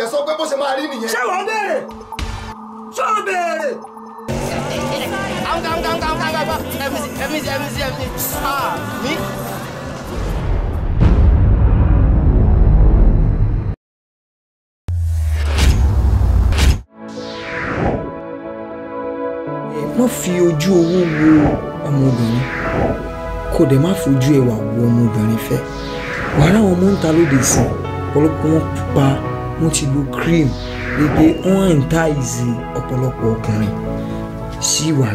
dẹ̀ sọ pé bó ṣe máa rí nìyẹn. ṣé wọ́n béèrè ṣé wọ́n béèrè. àwọn kan kan kan kan kan ẹ̀mí sí ẹ̀mí sí ẹ̀mí sí ẹ̀mí mi. má fi ojú owó wo ọmọbìnrin kò dẹ̀ má fojú ẹwà wo ọmọbìnrin fẹ́ wàhálà wọn mú ń ta lóde sí ọ̀pọ̀lọpọ̀ wọn pa wọ́n ti lo cream dédé wọ́n ọ̀pọ̀lọpọ̀ ọkùnrin sí ìwà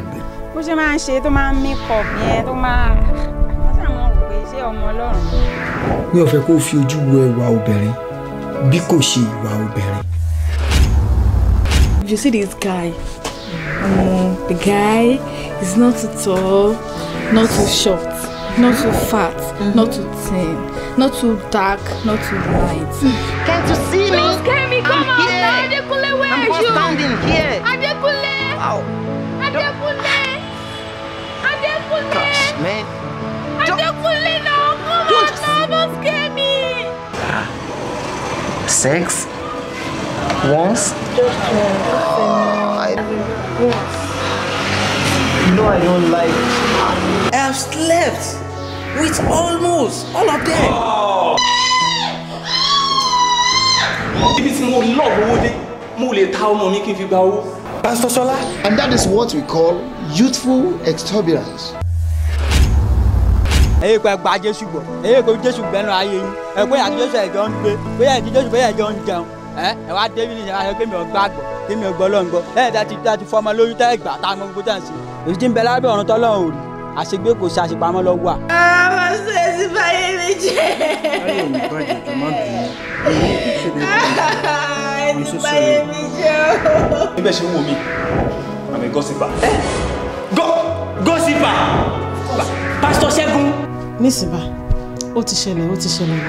bó ṣe máa ń ṣe tó máa ń makeup yẹn tó máa wọ́n ṣàwọn rò ṣé ọmọ ọlọ́run. mi ò fẹ́ kó fi ojú wo ẹwà obìnrin bí kò ṣe ìwà obìnrin. you see this guy um, the guy is not too tall not too short not too fat mm-hmm. not too thin, not too dark, not too light. Can't you see me? Don't scare me, come I'm outside. Here. Adekule, where I'm are you? standing here. Adekule! Wow. Adekule! Adekule! Gosh, man. Adekule, no! Come don't on, now, don't scare me! Sex? Once? Just once. Uh, I... Once. You know I don't like... I've slept. with almost all of them. ibi tí mo lọ owó dé mo lè ta ọmọ mi kí n fi gba owó. Pastor Sola. And that is what we call youthful exuberance. èyí kò ẹgbàá Jésù gbọ́ èyí kò Jésù gbẹ́nu ayé yín ẹ pé Jésù ẹ̀jọ̀ ń gbé pé àti Jésù pé ẹ̀jọ̀ ń jẹun ẹ wá ṣe wáṣọ pé mi ò gbàgbọ́ pé mi ò gbọ́ lọ́ngbọ́ ẹ̀ ti fọmọ lórí tẹ́ ẹ̀gbà tá a gbogbo tá ń ṣe èyí tí ń bẹ lábẹ́ ọ̀run tọ́lọ́run ò àṣegbé kò ṣe àṣepamọ́ lọ wà. àwọn aṣọ ẹ̀sìn báyé mi jẹ́. báyọ̀ mi bàjẹ́ tó má bínú. ẹ̀sìn báyé mi jẹ́ o. níbẹ̀ ṣe ń wo mi àmì gọ́sìpà. gọ́sìpà pásítọ̀ Ṣẹ́gun. nísìbà ó ti ṣẹlẹ̀ ó ti ṣẹlẹ̀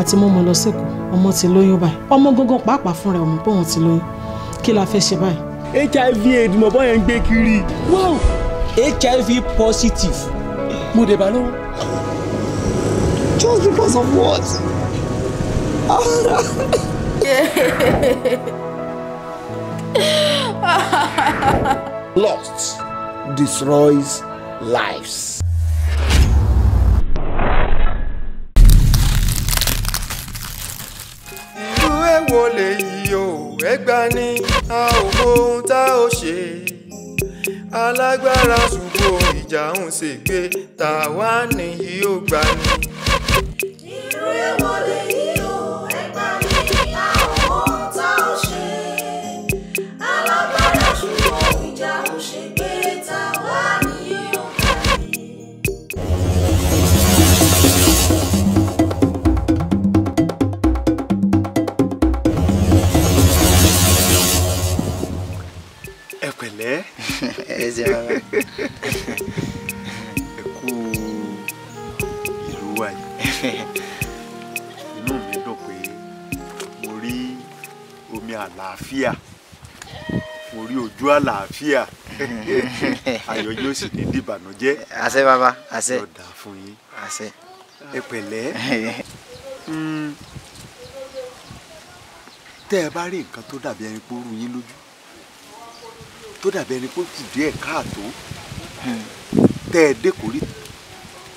àti mọ́mọ́ lọ sẹ́kọ̀ọ́ ọmọ ti lóyún báyìí ọmọ gángan pàápàá fúnra ẹ̀ mọ̀ pé òun ti lóyún kí la fẹ́ ṣe báyìí. HIV AIDS mọ̀ bọ́ yẹn ń gbé kiri. wow hiv positive mo dẹ̀ bá just because of what? Lost destroys lives. ìwé wo lèyí o ẹgbàá ni a ò mọ ohun tá a ó ṣe alágbára ṣubú ìjà ń ṣègbè tàwa nìyí ó gbani. irú èwo lè yí. ẹsẹ̀ bàbá. ẹ kú ìlú wa yìí inú mi dùn pé mo rí omi àlàáfíà mo rí ojú àlàáfíà ayọ̀ yóò sì ní dìbànújẹ́. àṣẹ bàbá àṣẹ yóò dà fún yín àṣẹ ẹ pẹ̀lẹ́ hmm. tẹ́ ẹ bá rí nǹkan tó dàbí ẹni pé ó rú yín lójú tó dàbí ẹni pé kù díẹ̀ káàtó hmm. tẹ́ ẹ dékòrí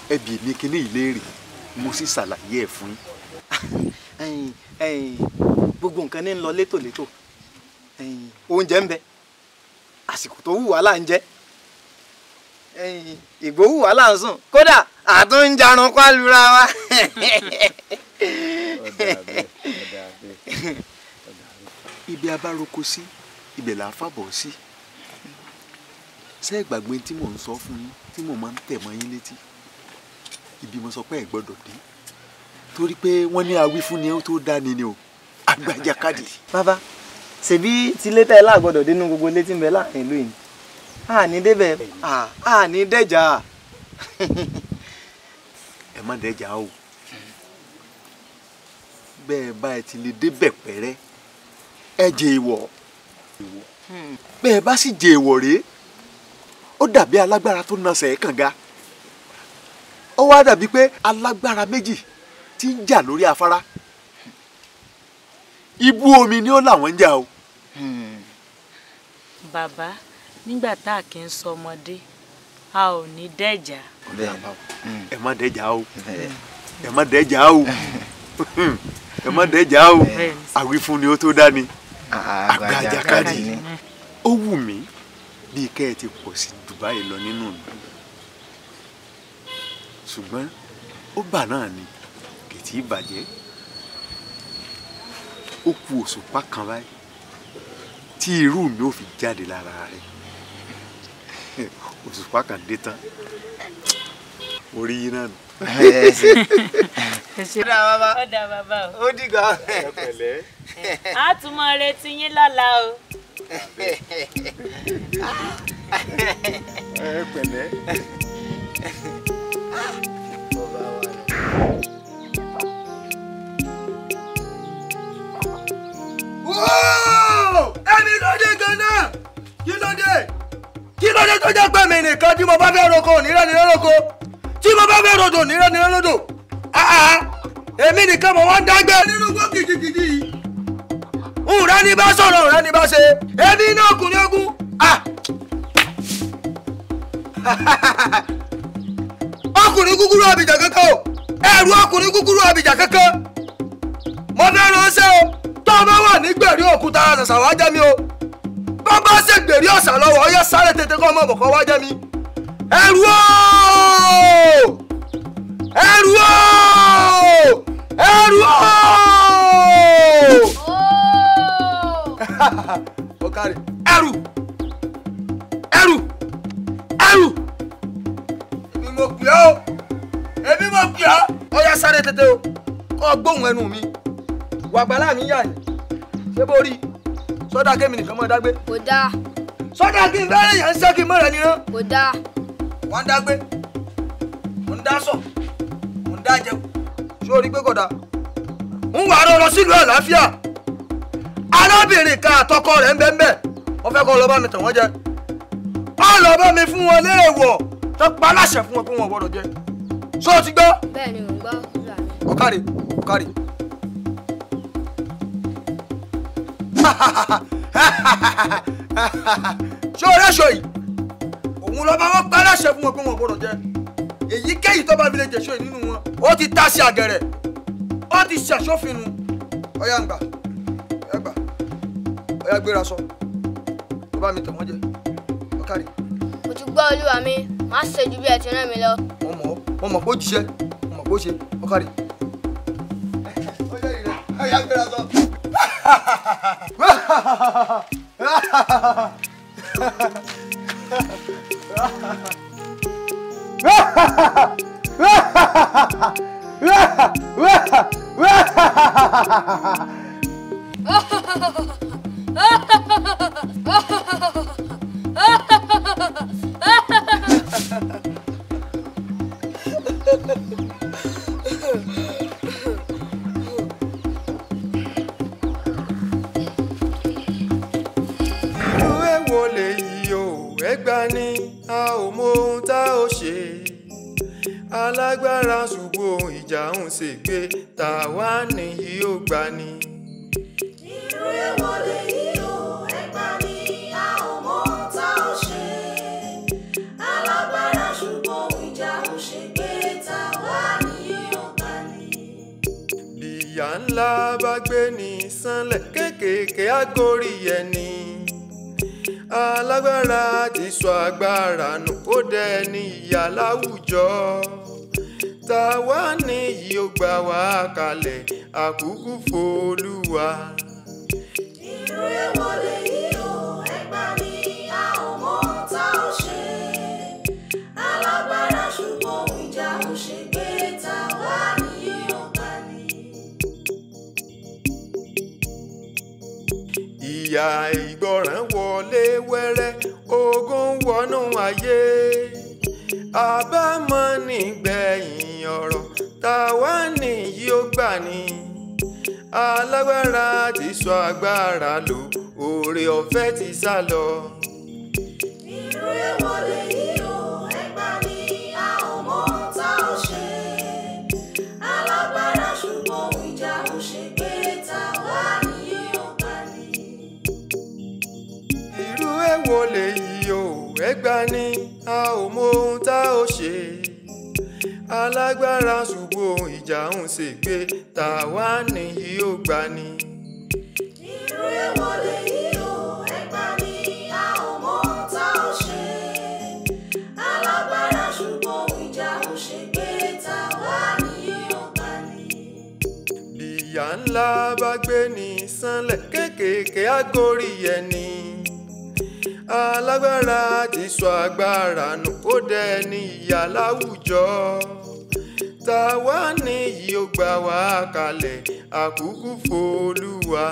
ẹbí mi kíní ìlérè mo sì ṣàlàyé ẹ̀ fún yín. gbogbo nǹkan ní ń lọ létòlétò oúnjẹ ń bẹ àsìkò tó wù wá là ń jẹ ìgbó wù wá là ń sùn kódà àtún ń jarun pálura wa. ibi abároko sí ibẹ̀ là ń sí. Si ṣé ìgbàgbé tí mò ń sọ fún yín tí mò máa ń tẹ̀ mọ́ yín létí ibi mo sọ pé ẹ̀ gbọ́dọ̀ dé torí pé wọ́n ní awí fún ni ó tó dání ni o agbájá káàdì. bàbá ṣèbí tilé tẹ́ ẹ láàgbọ́dọ̀ dé nínú gbogbo létí ń bẹ láàrin ìlú yìí àní débẹ̀ àní dẹ́jà ẹ má dẹ́jà o bẹ́ẹ̀ bá ẹ ti lè débẹ̀ pẹ́rẹ́ ẹ jẹ ìwọ̀ hmm. bẹ́ẹ̀ bá sì jẹ ìwọ̀ rèé ó dàbí alágbára tó nasẹ̀ kànga ó wá dàbí pé alágbára méjì ti ń jà lórí afárá ibú omi ni ó làwọn ń jà o. bàbá nígbà tá a kì í sọ ọmọdé a ò ní dẹ́jà. ẹ má dẹ́jà o ẹ má dẹ́jà o ẹ má dẹ́jà o àwífún ni ó tó dání àgbàjàkadì ó wù mí bíi kẹ́ ẹ ti pọ̀ sí báyìí lọ nínú ìlú ṣùgbọ́n ó bà náà ni kì í tí ì bàjẹ́ ó ku òṣùpá kan báyìí tí irú mi ò fi jáde lára rẹ̀ òṣùpá kan dé tán orí yín náà nù. ó dà bàbá ó dà bàbá ó dìgbà ọ̀rẹ́. a tún mọ retí yín lọ́la o. ẹ pẹ̀lẹ́. ẹni ló dé ganan kí ló dé kí ló dé tó jẹ́ pé mi nìkan tí mo bá fẹ́ roko nírẹ́ nírẹ́ roko tí mo bá fẹ́ rodò nírẹ́ nírẹ́ rodò ah, ah. èmi nìkan mo wá ń dágbé nínú gbọ́ kìkìkìkì yìí nra ni bá sọ̀rọ̀ nra ni bá ṣe èmi náà kùnrin ogun. Ah! ọkùnrin kúkúrú àbìjà kankan o ẹrù ọkùnrin kúkúrú àbìjà kankan mo fẹ́ ránṣẹ́ o tó o bá wà ní gbèrí òkúta àṣàṣà wá jẹ́ mi o bá bá ṣe gbèrí ọ̀sà lọ́wọ́ ọyọ́ sáré tètè kọ́ ọmọ bọ̀kọ́ wá jẹ́ mi ẹrù o ẹrù o ẹrù o. Oh! ó kárí ẹrù. mo pè ọ́ èmi mo pè ọ́ ó yá sáré tètè o kọ́ gbóhùn ẹnu mi wàgbálà mi yà ní ṣé bó rí sọ́dà kémi nìkan mọ́ dágbé. kò dáa. sọ́dà kí n bẹ́rẹ̀ yẹn ń ṣe kí n mọ̀rẹ̀ nínú. kò dáa. wọ́n ń dágbé mò ń dásọ̀ mò ń dájẹun ṣé o rí pé kò dáa. ń wà á lọ sílùú àlàáfíà arábìnrin kan àtọkọ rẹ̀ ń bẹ́ẹ̀ bẹ́ẹ̀ wọ́n fẹ́ kọ́ lọ bá mi tàn wọ́n jẹ. ọ lọ bá mi fún wọn léèwọ̀ tó pa aláṣẹ fún wọn pé wọn ò gbọdọ̀ jẹ ṣó o ti gbọ́. bẹ́ẹ̀ni mò ń gbọ́ ìlú àná. ọkàrè ọkàrè. ṣé o rẹ́ṣọ yìí òun lọ́ba wọn pa aláṣẹ fún wọn pé wọn ò gbọdọ̀ jẹ èyíkéyìí tó bá fi lè jẹ̀ṣọ́ yìí nínú wọn ó ti ta sí àgẹ̀rẹ̀ ó ti ṣàṣọ́finu ọ̀yà ń gbà ọ̀yà gbà ọ̀yà gbéra sọ ó mi tẹ̀ wọ́n jẹ ọ̀kàrè. mo gbọ́ olúwa mi má ṣe ju bí ẹ ti rán mi lọ. wọ́n mọ̀ wọ́n mọ̀ pé ó jíṣẹ́ wọ́n mọ̀ pé ó ṣe ọkàrí. Ha ha ha ha! alágbára ṣùgbọ́n ìjà ń ṣe gbé tàwa nìyí ó gbà ni. irú èwo lèyí o ẹ gbà mí a ò mọ ohun tá ò ṣe alágbára ṣùgbọ́n ìjà ń ṣe gbé tàwa nìyí ó gbà ni. bíyà ńlá bá gbé ní sánlẹ̀ kéékèèké àgórí ẹni alágbára ti sọ agbára nù ó dẹ ní ìyà láwùjọ tàwa nìyí ó gbà wá kalẹ̀ àkúkú fòlúwa. irú èwo lèyí o ẹgbà ni a ò mọ tá ò ṣe alágbára ṣùgbọ́n ìjà ò ṣe gbé tàwa nìyí ó gbà ní. ìgbọràn wọlé wẹ́rẹ́ ogun wọnú ayé àbámọ̀ nígbẹ̀yìn ọ̀rọ̀ táwa nìyí ó gbà ní alágbára ti sọ agbára lò oore ọ̀fẹ́ ti sá lọ. irú èwo lèyí o ẹ gbà a ò mọ ohun ò ṣe alágbára ṣùgbọ́n ìjà ò ṣe pé táwa nìyí ó gbà ní. irú èwo lèyí o rẹ́gbà ni a ò mọ ohun tá ò ṣe alágbára ṣùgbọ́n ìjà ń ṣe pé tàwa nìyí ò gbà ni. irú èwo lèyí o ẹgbà ni a ò mọ ohun tá ò ṣe alágbára ṣùgbọ́n ìjà ń ṣe pé tàwa nìyí ò gbà ni. bíyà ńlá bá gbé ní sánlẹ̀ kéékèèké á gorí ẹni alágbára ti sọ agbára nù ó dẹni ìyà láwùjọ tàwa nìyí ó gbà wá kalẹ̀ àkúkú fòlùwà.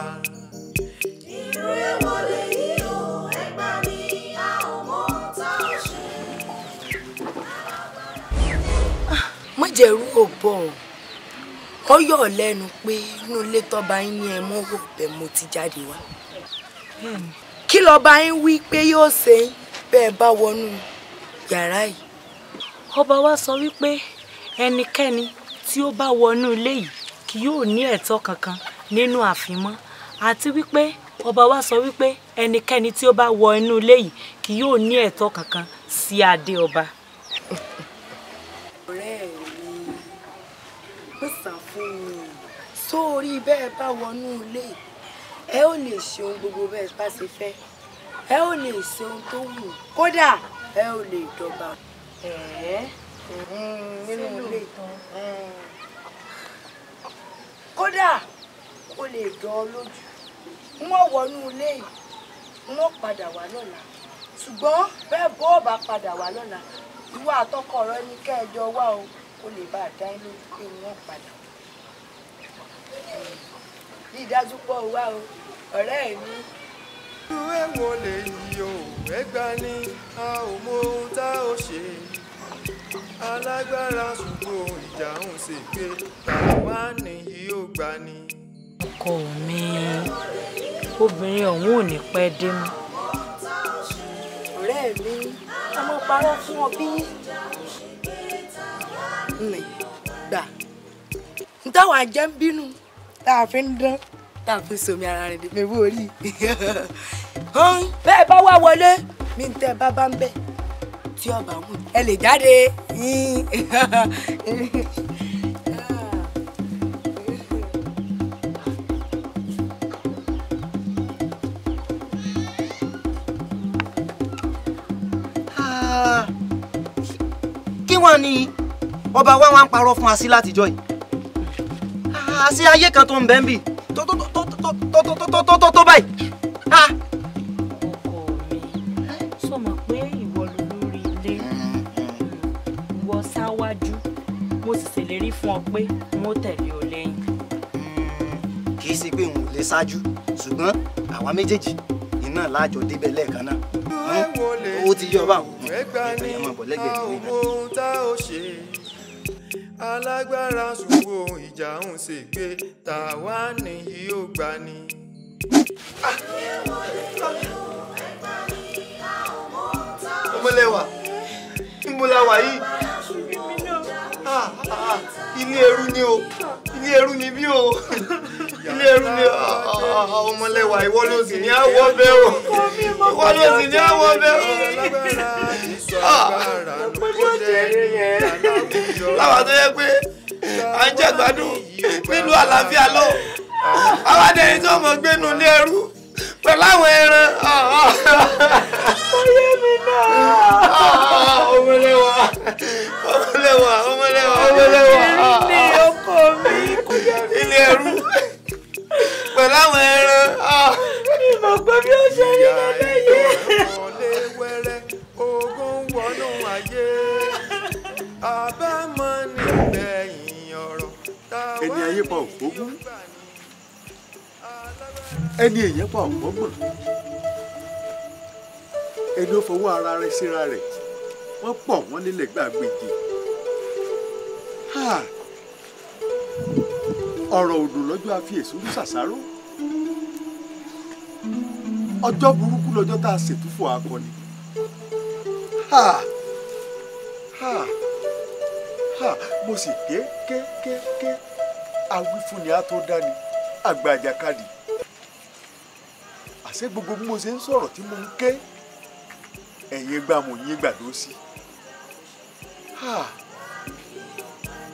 irú èwo lèyí o ẹgbà mi a ò mọ tá a ṣe. Ah, má jẹ̀rú ò bọ̀ ọ yọ̀ lẹ́nu pé inú ilé tọ́ba yín ni ẹ mọ́ wò bẹ́ẹ̀ mo ti jáde wá. bẹ́ẹ̀ hmm kí lọ́ba yín wí pé yóò ṣe yín bẹ́ẹ̀ bá wọnú yàrá yìí. ọba wa sọ wípé ẹnikẹ́ni tí ó bá wọnú ilé yìí kì yóò ní ẹ̀tọ́ kankan nínú ààfin mọ́ àti wípé ọba wa sọ wípé ẹnikẹ́ni tí ó bá wọ inú ilé yìí kì yóò ní ẹ̀tọ́ kankan sí adé ọba. ọ̀rẹ́ mi ń sàn fún mi sórí bẹ́ẹ̀ bá wọnú ilé yìí ẹ ó lè ṣe ohun gbogbo bẹ́ẹ̀ bá ṣe fẹ́ ẹ ó lè ṣe ohun tó wù kódà ẹ ó lè dọ̀ba. kódà ó lè dán ọ lójú wọ́n wọnú ilé yìí padà wá lọ́la ṣùgbọ́n bẹ́ẹ̀ bó bá padà wá lọ́la ìwọ àtọkọ rẹ ní kẹjọ wá o kó lè bá a dá ilé pé wọ́n padà rí i pọ̀ wá o ọ̀rẹ́ mi. irú èwo lèyí o ẹgbà ni a ò mọ ohun tá ò ṣe alágbára ṣùgbọ́n ìjà ń ṣe pé tàwa nìyí ò gbà ni. ọkọ mi obìnrin ọ̀hún ò ní pẹ́ dé mọ́. ọ̀rẹ́ mi ọmọ parọ́ fún ọ bí. nì gbà ń táwọn ajẹ́ ń bínú tá a fi ń dán tá à ń fi somi ara rẹ̀ mi wò rí bẹ́ẹ̀ bá wà wọlé mi ń tẹ́ bá bá ń bẹ̀ tí ọba wù ẹ lè jáde kí wọ́n ní ọba wa wá ń parọ́ fún así látijọ́ yìí àṣé ayé kan tó ń bẹ́ẹ̀ bì tó tó tó tó tó tó tó tó tó tó báyìí. ọkọ mi sọ ma pé ìwọ ló lórí ilé ìwọ ṣáwájú mo sì ṣèlérí fún ọ pé mo tẹ̀lé ọ lẹ́yìn. kì í ṣe pé òun ò lè ṣáájú ṣùgbọ́n àwa méjèèjì iná láàjọ débẹ̀ lẹ́ẹ̀kan náà ó ti yọ báwọn ètò ìyẹn máa bọ̀ lẹ́gbẹ̀ẹ́ ìwé náà alágbára ṣùgbọ́ ìjà ń ṣe gbé tàwa nìyí ó gbà ní. ọmọlẹ́wà ìmúláwà yìí ilé ẹrú ni o ilé ẹrú ni bí o ilé ẹrú ni ọmọlẹ́wà ìwọ ló sì ní àwọ̀ bẹ́ẹ̀ o ìwọ ló sì ní àwọ̀ bẹ́ẹ̀ o láwa tó yẹ pé à ń jẹ gbádùn nílùú àlàáfíà lọ àwa dẹni tí wọn mọ gbé nu ilé ẹrú pẹ̀lú àwọn ẹran. ọyẹ mi náà. ọmọlẹ́wà ọmọlẹ́wà ọmọlẹ́wà ọmọlẹ́wà. ilé ọkọ mi kúyà mi. ilé ẹrú pẹ̀lú àwọn ẹran. ìmọ̀ pé bí ó ṣe rí lọ́lẹ́ yìí ogun wọnú ayé àbámọ̀ nílẹ̀ ìyìn táwọn ayé pa ògbógún ẹni èèyàn pa ògbógbọ̀n ẹni ó fowó ara rẹ̀ síra rẹ̀ wọ́n pọ̀ wọ́n nílẹ̀ gbàgbéje ọ̀rọ̀ òdò lọ́jọ́ àfiyèsí olùsàsáró ọjọ́ burúkú lọ́jọ́ tá a ṣètúfò akọni ha ha ha mo sì ké ké ké ké awífúnni á tó dání àgbà àjàkadì àṣé gbogbo bí mo ṣe ń sọ̀rọ̀ tí mo ń ké ẹ̀yin gbà mo yín gbàdó sí ha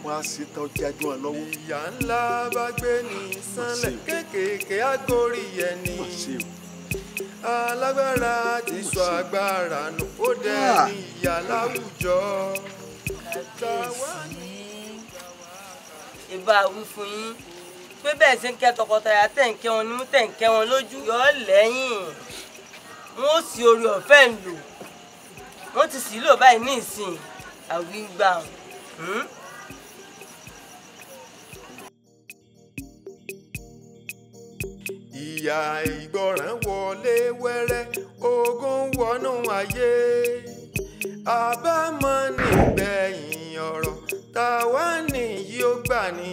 wọn á ṣe tán jájú ọ lọ́wọ́. ìyá ńlá bá gbé ní sanlẹ̀ kéékèèké á gorí ẹni. wọ́n ṣe o alágbára ti sọ agbára nù ó dẹni ìyà láwùjọ. kàbíyèsí ìbá wí fún yín pé bẹ́ẹ̀ ṣe ń kẹ́ tọkọtaya tẹ̀ ń kẹ́ wọn ní tẹ̀ ń kẹ́ wọn lójú yọ ọ́ lẹ́yìn wọn ó sì orí ọ̀fẹ́ ń lò wọ́n ti sì lò báyìí ní ìsìn àwìn gbà. ìjìyà ìgbọràn wọlé wẹ́rẹ́ ogun wọnú ayé àbámọ̀ nígbẹ̀yìn ọ̀rọ̀ táwa nìyí ó gbà ní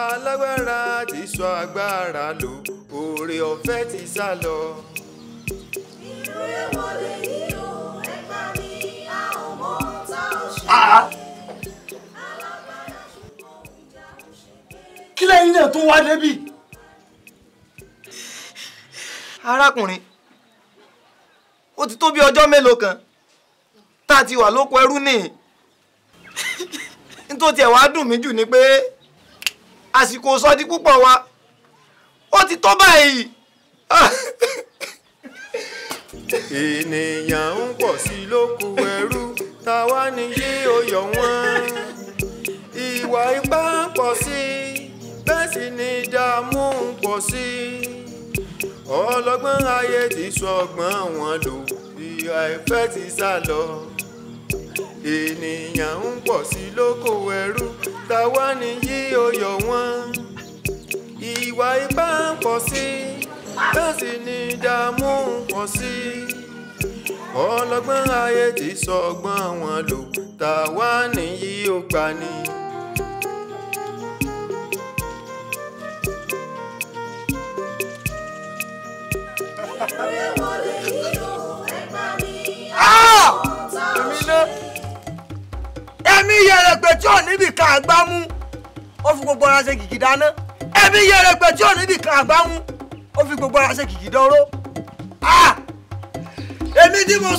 alágbára ti sọ agbára lò oore ọ̀fẹ́ ti sá lọ. irú èwo ah, ah. náà tún wá débi. arákùnrin ó ti tó bí ọjọ́ mélòó kan tá a ti wà lóko ẹrú nìyí nítorí tiẹ̀ wàá dùn mí jù ni pé àsìkò sọdí púpọ̀ wa ó ti tó báyìí. ènìyàn ń pọ̀ sí i lóko ẹrú táwa ní yé oyè wọn ìwà ipá pọ̀ sí i bẹ́ẹ̀ sì ni ìdààmú ń pọ̀ sí i. ọlọ́gbọ́n ayé ti sọgbọ́n wọn lò ìhà ìfẹ́ ti sá lọ ènìyàn ń pọ̀ sí lóko ẹrú táwa ni yí oyọ̀ wọn ìwà ipá ń pọ̀ sí bẹ́ẹ̀ sì ni ìdààmú ń pọ̀ sí ọlọ́gbọ́n ayé ti sọgbọ́n wọn lò táwa ni yí ó gbani. Ah! ẹ̀mí yẹrẹgbẹ tí ò níbi kan àgbámú ó fi gbogbo ṣe kìkì dáná Ẹmí yẹrẹgbẹ tí ò níbi kan àgbámú ó fi gbogbo ara ṣe kìkì dánró ah! èmi tí mo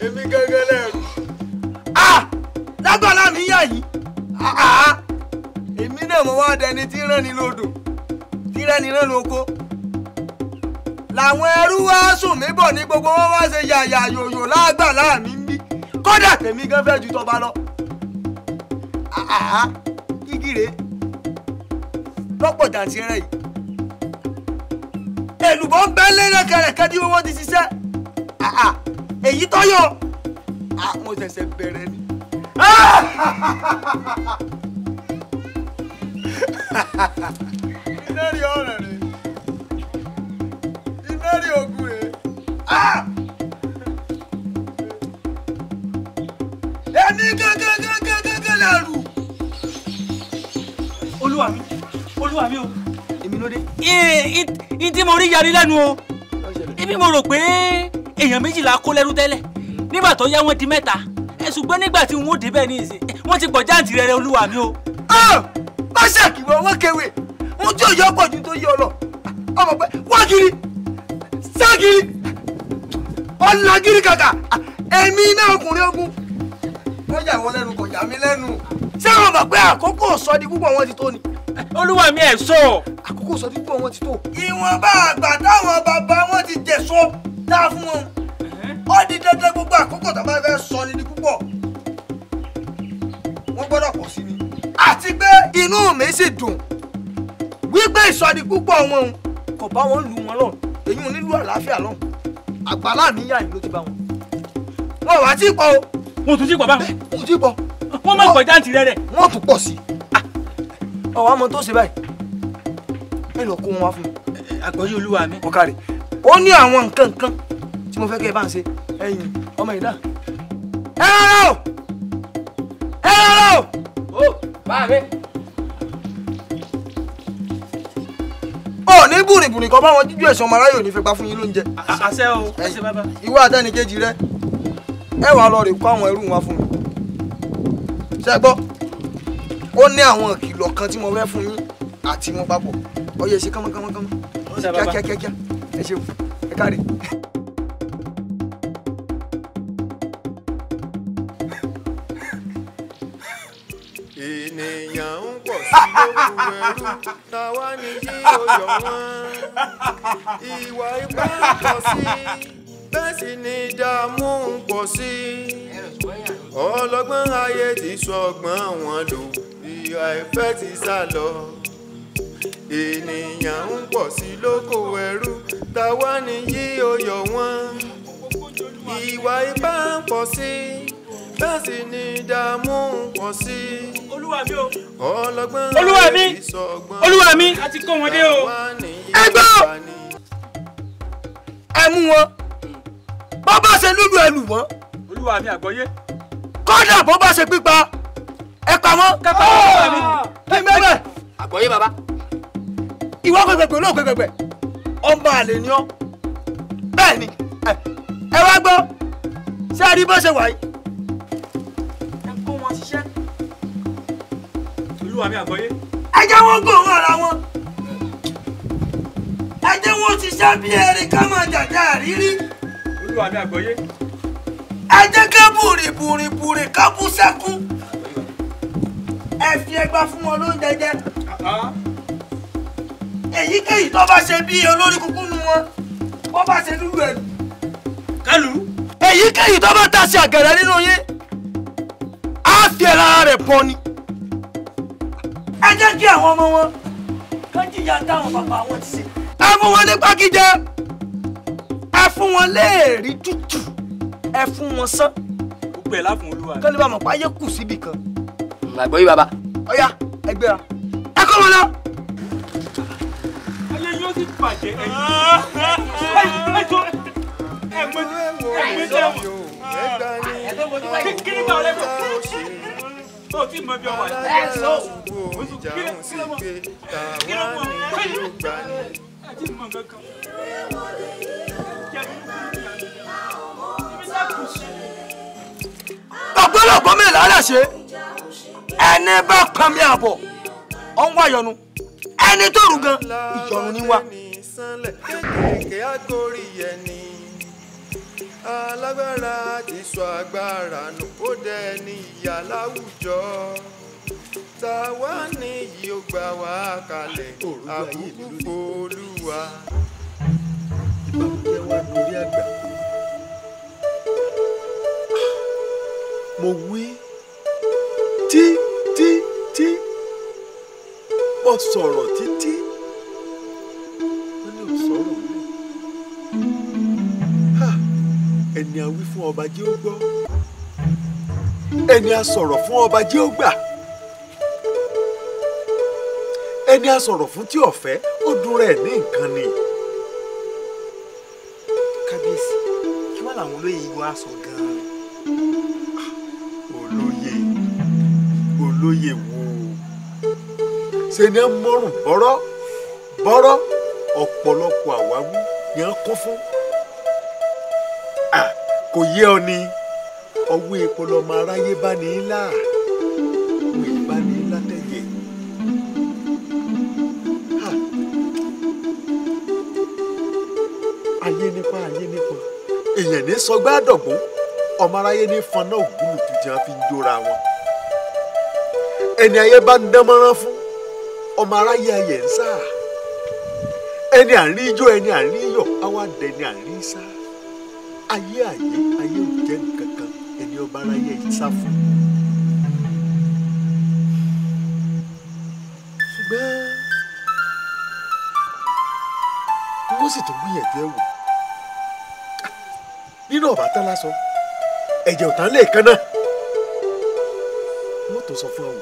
mi èmi ah! lágbàlá mi yà èmi náà mo wá dẹni tí ń tí làwọn ẹrú wá sùn mí bọ̀ ní gbogbo wọn wá ṣe yàyà yòyò lágbàlá mi ń bí kódà tèmi gan fẹ́ ju tọba lọ. kíkì rèé lọ́pọ̀ jàǹtìrẹ yìí èlùbọ́ ń bẹ́ lẹ́rẹ̀ kẹrẹ̀kẹ́ ní owó ti ṣiṣẹ́ èyí tọ́yọ̀ mo ṣẹ̀ṣẹ̀ bẹ̀rẹ̀ ni. iná rí ọ̀rẹ́ rẹ̀ olórí ogun rèé. Ah! gaga gaga lẹ́rù. olúwa mi olúwa mi o èmi ló dé. n tí mo rí yarí lẹ́nu o ibi mo rò pé èèyàn méjìlá kó lẹ́rú tẹ́lẹ̀ nígbà tó yá wọn di e ẹ ṣùgbọ́n nígbà tí wọn ò débẹ̀ ní ìsìn wọn ti pọ̀ jáǹtì rẹ̀ olúwa mi o. Ah! má ṣàkíwọ́ wọ́n kéwèé wọn tí ò yọ pọ̀ ju tó yọ lọ ọmọ pé wọ́n kiri ságiri ọ̀là gírí kàkà ẹ̀mí iná ọkùnrin ogun. wọ́n yà wọ́n lẹ́nu kò yà mí lẹ́nu. ṣé àwọn bàbá àkókò sọ di púpọ̀ wọn ti tó ni. olúwa mi ẹ̀ sọ. àkókò sọ di púpọ̀ wọn ti tó. ìwọ̀nba àgbà táwọn bàbá wọn ti jẹ̀sọ́ dáa fún wọn. ó di dandan gbogbo àkókò tó bá fẹ́ sọ ni di púpọ̀. wọ́n gbọ́dọ̀ pọ̀ sí ni. àti pé inú mi sì dùn wípé ìsọdipúpọ̀ wọn kò bá wọn lù wọn lọ́rùn èyí mo nílùú àlàáfíà lọ́hùn àgbàlá níyà ni ló ti bá wọn. wọn ò wá tí pọ o. wọn ò tún tí ì pọ báwọn. wọn ò tí pọ. wọn máa pọ̀ jáǹtì rẹ rẹ. wọn tún pọ̀ sí i. ọ̀wá mọ tó ṣe báyìí ẹ lọ kó wọn wá fún mi. àgbọ̀yé olúwa mi. ọ̀ka rẹ̀ ó ní àwọn nǹkan nǹkan tí mo fẹ́ kẹ́ ẹ bá ń ṣe ẹ̀yin ọmọ ìdá. ẹ rárá ẹ rárá ó bá a rẹ. torí bùrìbùrì kan báwọn jíjú ẹ̀sán ọmọ aráyò ní fipá fún yín lóúnjẹ. àṣẹ o àṣẹ bàbá. ìwé àdánìkejì rẹ ẹ wàá lọ rè kó àwọn ẹrú wọn fún mi. ṣe gbọ́ ó ní àwọn ìkìlọ̀ kan tí mo fẹ́ fún yín àti wọn papọ̀ ó yẹ ṣe kánmọ́kánmọ́kánmọ́ kíákíákíá ẹ ṣeun ẹ káre. ènìyàn ń pọ̀ sí lóko ẹrú táwa ní kí ó yọ wọ́n ìwà ipá ń pọ̀ sí bẹ́ẹ̀ sì ni ìdààmú ń pọ̀ sí ọlọ́gbọ́n ayé ti sọgbọ́n wọn lò ìyá ìfẹ́ ti sá lọ ènìyàn ń pọ̀ sí lóko ẹrú táwa ní yí ó yọ ìwà ipá ń pọ̀ sí tẹ́sí ni ìdààmú pọ̀ sí. olúwa mi o. ọlọ́gbọ́n olúwa mi olúwa mi a ti kó wọn dé o. ẹ gbọ́ ẹ mú wọn bó bá ṣe lúlù ẹ lù wọ́n. olúwa mi àgbọ́yé. kódà bó bá ṣe pípa ẹ pa wọ́n. kápá olúwa mi kí n bẹ́ẹ̀ àgbọ́yé bàbá. ìwọ gbẹgbẹgbẹ olóò gbẹgbẹgbẹ ọmọ àlè ni ọ bẹ́ẹ̀ ni ẹ wá gbọ́ ṣé a rí bó ṣe wà yìí. olúwa mi àgbọ́yé. ẹ jẹ́ wọ́n gbòòrò ara wọn ẹ jẹ́ wọ́n ṣiṣẹ́ bí erin ká máa jàjà àrírí. olúwa mi àgbọ́yé. ẹ jẹ́ ká bùrìbùrìbùrì ká bú sẹ́kún ẹ fi ẹgbà fún wọn lóúnjẹ jẹ èyíkéyìí tó bá ṣe bí olórí kúkú nu wọn bó bá ṣe lúlu ẹnu. kálù. èyíkéyìí tó bá ta sí àgẹ̀rẹ̀ nínú yín á fi ẹ̀ra rẹ̀ pọ̀ ni ẹ jẹ́ kí àwọn ọmọ wọn kán jìyà táwọn bàbá wọn ti ṣe. ẹ fún wọn ní pákíjẹ ẹ fún wọn léèrí tútù ẹ fún wọn sán. gbogbo ẹ̀ láfún olúwa. kí ló bá mọ̀ pé ayé kù síbi kan. àgbọ̀ yìí bàbá. ọ̀ya ẹ gbéra ẹ kọ́ wọn lọ. ayé yóò ti bàjẹ́ ẹ̀yìn. ẹ jọ ẹ mọ ẹ mọ jẹ́ wọn. kí ni bàbá rẹ bọ̀ tó tí mọ bí ọwà ẹ sọ òwò ìjà òun sì gbé tàwa ní ìlú gbani. ọ̀pọ̀lọpọ̀ mẹ́lá aláṣẹ ẹni bá pàmì àbọ̀ ọ̀ yọnu ẹni tó rù gan ìjọ̀rùn ni wá alágbára ti sọ agbára nù ó dẹni ìyà láwùjọ tàwa nìyí ó gbà wá kalẹ̀ àbùkù olúwa. ìbànújẹ́ wà mo wí tí tí tí mo sọ̀rọ̀ títí. ẹni a wí fún ọba jẹ́ ó gbọ́ ẹni a sọ̀rọ̀ fún ọba jẹ́ ó gbà ẹni a sọ̀rọ̀ fún tí ọ̀fẹ́ ó dún rẹ̀ ní nǹkan ni. kábíyèsí kí wọ́n làwọn olóyè yìí wá sọ gan-an. Ah, olóyè olóyè wo ṣe ni a mọ̀rùn bọ́rọ́ bọ́rọ́ ọ̀pọ̀lọpọ̀ àwáwí ni a kún fún. kò yé ọ ni ọwọ́ epo bá ní í ìbá bá ní ayé nípa ayé nípa èèyàn ní sọgbà àdọ̀gbọ́n ọmọ aráyé ní faná ògúlùtù jẹ́ fi ń dóra wọn. fún ọmọ aráyé ayẹ̀ ń à ẹni ayé ayé ayé ò jẹ́ nǹkan kan ẹni ọba aráyé yìí sá fún. ṣùgbọ́n kókó sì tún gbìyànjú ẹ̀ wò nínú Ọbàtálá lásán ẹ̀jẹ̀ ò tán lè kan náà wọ́n tó sọ fún ọ.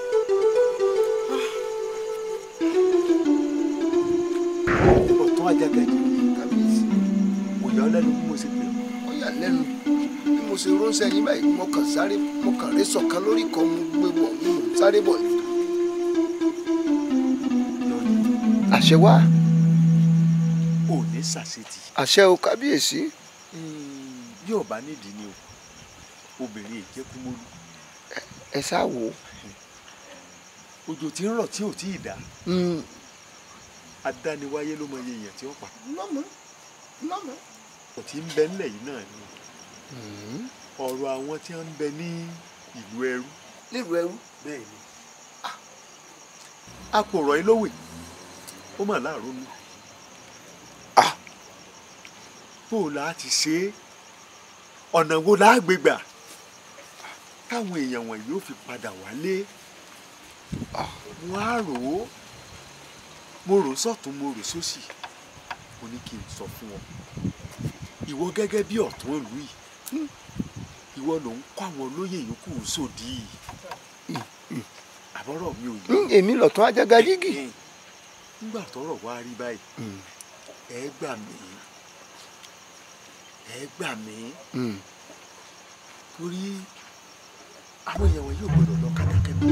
ọ̀tún ajagbẹ̀jẹ̀ kàbíyèsí òyà ọlẹ́nu bí mo lẹ́nu bí mo ṣe ránṣẹ́ yín báyìí mo kàn sáré mo kàn ré sọ̀kan lórí kan mo gbé wọ̀ mo sáré bọ̀ yìí. àṣẹ wá. ò sàṣetì. àṣẹ o kábíyèsí. bí ọba nídìí ni o obìnrin èjẹ kú mọ́lú. ẹ ṣáà wò ó. òjò tí ń rọ̀ tí ò tí ì dá. Hmm. adániwáyé ló mọ iye èèyàn tí ó pa. lọ́mọ lọ́mọ ọ̀rọ̀ tí ń bẹ nílẹ̀ yìí náà ni hmm. ọ̀rọ̀ àwọn tí wọ́n ń bẹ ní ìlú ẹrú. nílùú ẹrú. bẹ́ẹ̀ ni ah! a kò rọ̀ ẹ́ lówè ó mà láàárọ̀ nù. Ah! bó o la ti ṣe é ọ̀nà wo la gbé gbà táwọn èèyàn wọ̀nyí ó fi padà wálé wọ́n ah! á rò ó mo rò sọ́tún mo rò sósì mo ní kí n sọ fún ọ ìwọ gẹ́gẹ́ bí ọ̀tún ìlú yìí hmm. ìwọ ló ń kọ́ àwọn olóyè yòókù sódì hmm. Hmm. àbọ̀rọ̀ mi ò yẹ. èmi lọ̀tún Àjàgàjìgì. Eh, eh. nígbà tọ́rọ̀ wá rí báyìí ẹ gbà mí ẹ gbà mí torí àwọn èèyàn wọn yóò gbọ́dọ̀ lọ kàdákẹ́ mi.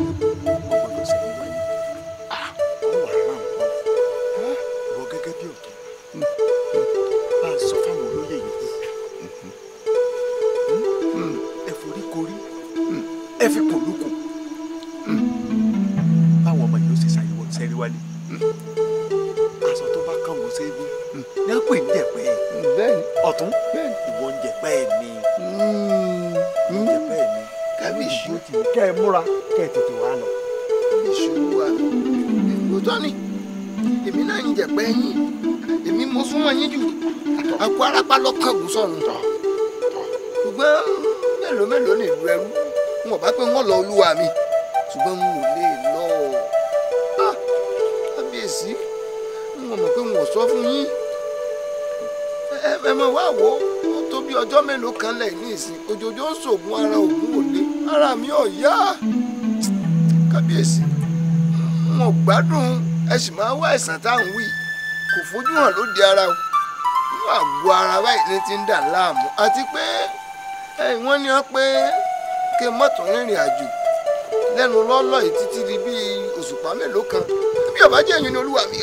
fẹsẹ̀ kò hmm. báwọn ọmọ yìí ó sì ṣàyẹ̀wò sẹ́rí wálé hmm. aṣọ tó bá kàn wọ́n ségun ní á pè ní dẹ̀pẹ́ hmm. ọ̀tún ìwọ ń dẹ̀pẹ́ mi ń dẹ̀pẹ́ mi kábíyèsí ó ti kẹ́ ẹ múra kẹ́ ẹ tètè wá lọ. kábíyèsí ó wà lóòótọ́ ni èmi náà ń jẹ̀pẹ́ yín èmi mo súnmọ́ yín jù àkó arápá lọ́kàn gùn sọ̀rùn tọ̀ ṣùgbọ́n mélòó mélòó lè lu ẹrú n ò bá pé wọ́n lọ olúwa mi ṣùgbọ́n n ò lè lọ ah, kábíyèsí n ò mọ̀ pé n ò sọ fún yín ẹ mọ̀ wá wò ó tó bí ọjọ́ mélòó kan lẹ̀ ní ìsìn òjòjò ń ṣògùn ara ògùn òde ara mi ò yá kábíyèsí n ò gbádùn ẹ máa wá àìsàn tá wí kò fojú hàn lóde ara o inú àgọ́ ara báyìí ni ti ń dà láàmú àti pé wọ́n ní wọ́n pé kí n mọ̀ tún rìnrìn àjò lẹ́nu lọ́lọ́ yìí títí di bíi òṣùpá mélòó kan bí ọba jẹ́ ẹ̀yin ni olúwa mi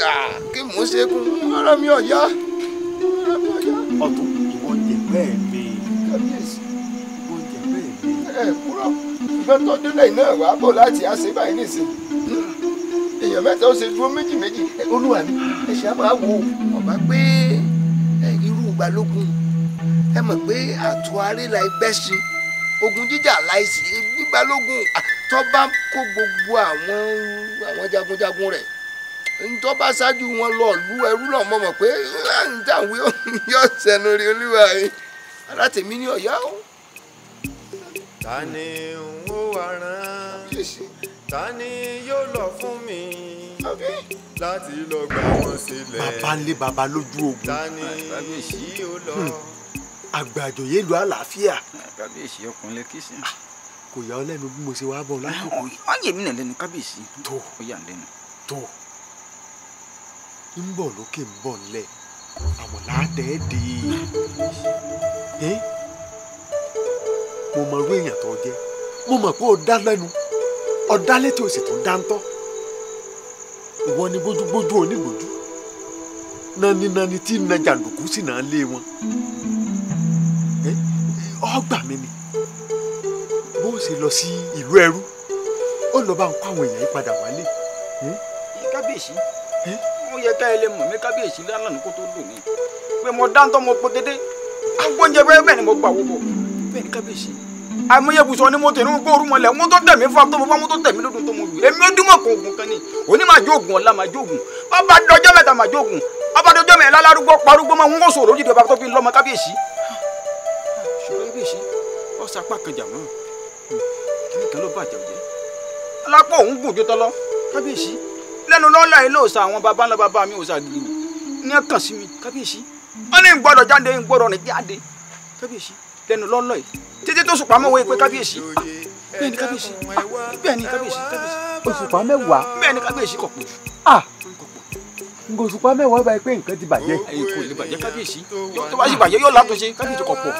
kí mò ń ṣeékún rárá mi ọ̀yá. ọ̀tún ìwọ jẹ bẹ́ẹ̀ mi. kábíyèsí ìwọ jẹ bẹ́ẹ̀ mi. ẹ kúrò ìfẹ́ tó délẹ̀ iná wà á láti àṣẹ báyìí nìsín èèyàn mẹ́ta ó ṣe dúró méjì méjì olúwa mi ẹ ṣe á wo ọba pé irú ìgbàlógún ẹ mọ̀ pé àtúwárí la ẹgbẹ́ ṣe ogun jíjà láìsí gbígbálógún tó bá kó gbogbo àwọn àwọn jagunjagun rẹ̀ ntọ́ bá ṣáájú wọn lọ lu ẹrú náà mọ̀ mọ̀ pé ǹjàwé yóò sẹ́nu rí olúwa yìí ara tèmi ní ọ̀yá o. ta ni n ó wá rán ta ni yóò lọ fún mi láti lọ gbà wọn sílẹ̀. bàbá lé bàbá lójú ogun. ta ni yìí lọ. Hmm. àgbàjòyè lu àlàáfíà. kábíyèsí ọkùnrin kí sí. Ah, kò yà ọ lẹ́nu bí mo ṣe bọ̀ ah, lákòókò. yẹ mí nà lẹ́nu kábíyèsí. tó o yà lẹ́nu. tó ń bọ̀ lókè ń bọ̀ mo mọ irú èèyàn tó mo pé dá létí sì ni bójúbójú nani nani tí ń na jàǹdùkú lé wọn. ọgbà mi ni bó ṣe lọ sí ìlú ẹrú ó lọ bá ń kó àwọn èèyàn yìí padà wálé. Hmm? kábíyèsí mo hmm? yẹ ká ẹlẹ mọ̀ mí kábíyèsí lánàá ní kó tó dùn mí pé mo dáńtọ́ mo po dédé gbogbo oúnjẹ bẹ́ẹ̀ bẹ́ẹ̀ ni mo gbà wó bọ̀ bẹ́ẹ̀ ni kábíyèsí àmúyẹ̀bùsọ̀ ni mo tẹ̀ nínú kóoru mọ̀lẹ́ mo tó tẹ̀mí fún akutọ́ mo fún amútó tẹ̀mí lódún tó mo lù èmi ó dúnmọ̀ kan oògùn kan ni òní máa jó oògùn ọ̀la máa jó oògùn bàbá dọjọ́ mẹ́ta máa jó oògùn bàbá dọjọ́ mẹ́ta lárúgbó parúgbó máa ń wọ́n sòrò lójú ìdọ̀bà tó fi lọ́mọ kábíyèsí kábíyèsí ó sapá kan jà wọn kíní kan ló bàjẹ́ òjẹ́. lápò òun gùn jó tọ́lọ́ kábíyèsí lẹ́nu lọ́la yìí lóòsà àwọn baba ńlá baba mi òòsà gbìyànjú ní ẹ kàn sí mi kábíyèsí ó ní gbọ́dọ̀ jáde ń gbọ́dọ̀ rìn jáde kábíyèsí lẹ́nu lọ́lọ́ yìí títí tó sùpà mọ́wé pé kábíyèsí ah, bẹ́ẹ̀ ni kábíyèsí bẹ́ẹ̀ ni kábíyèsí kábíyèsí. òṣùpá mẹ́wàá bẹ́ẹ̀ ni kábíyèsí kọ̀ ngòsùpá mẹ́wàá báyìí pé nǹkan ti bàjẹ́. èkó lè bàjẹ́ kábíyèsí tó bá sì bàjẹ́ yóò látúnṣe kábíyèsí kọ̀ pọ̀.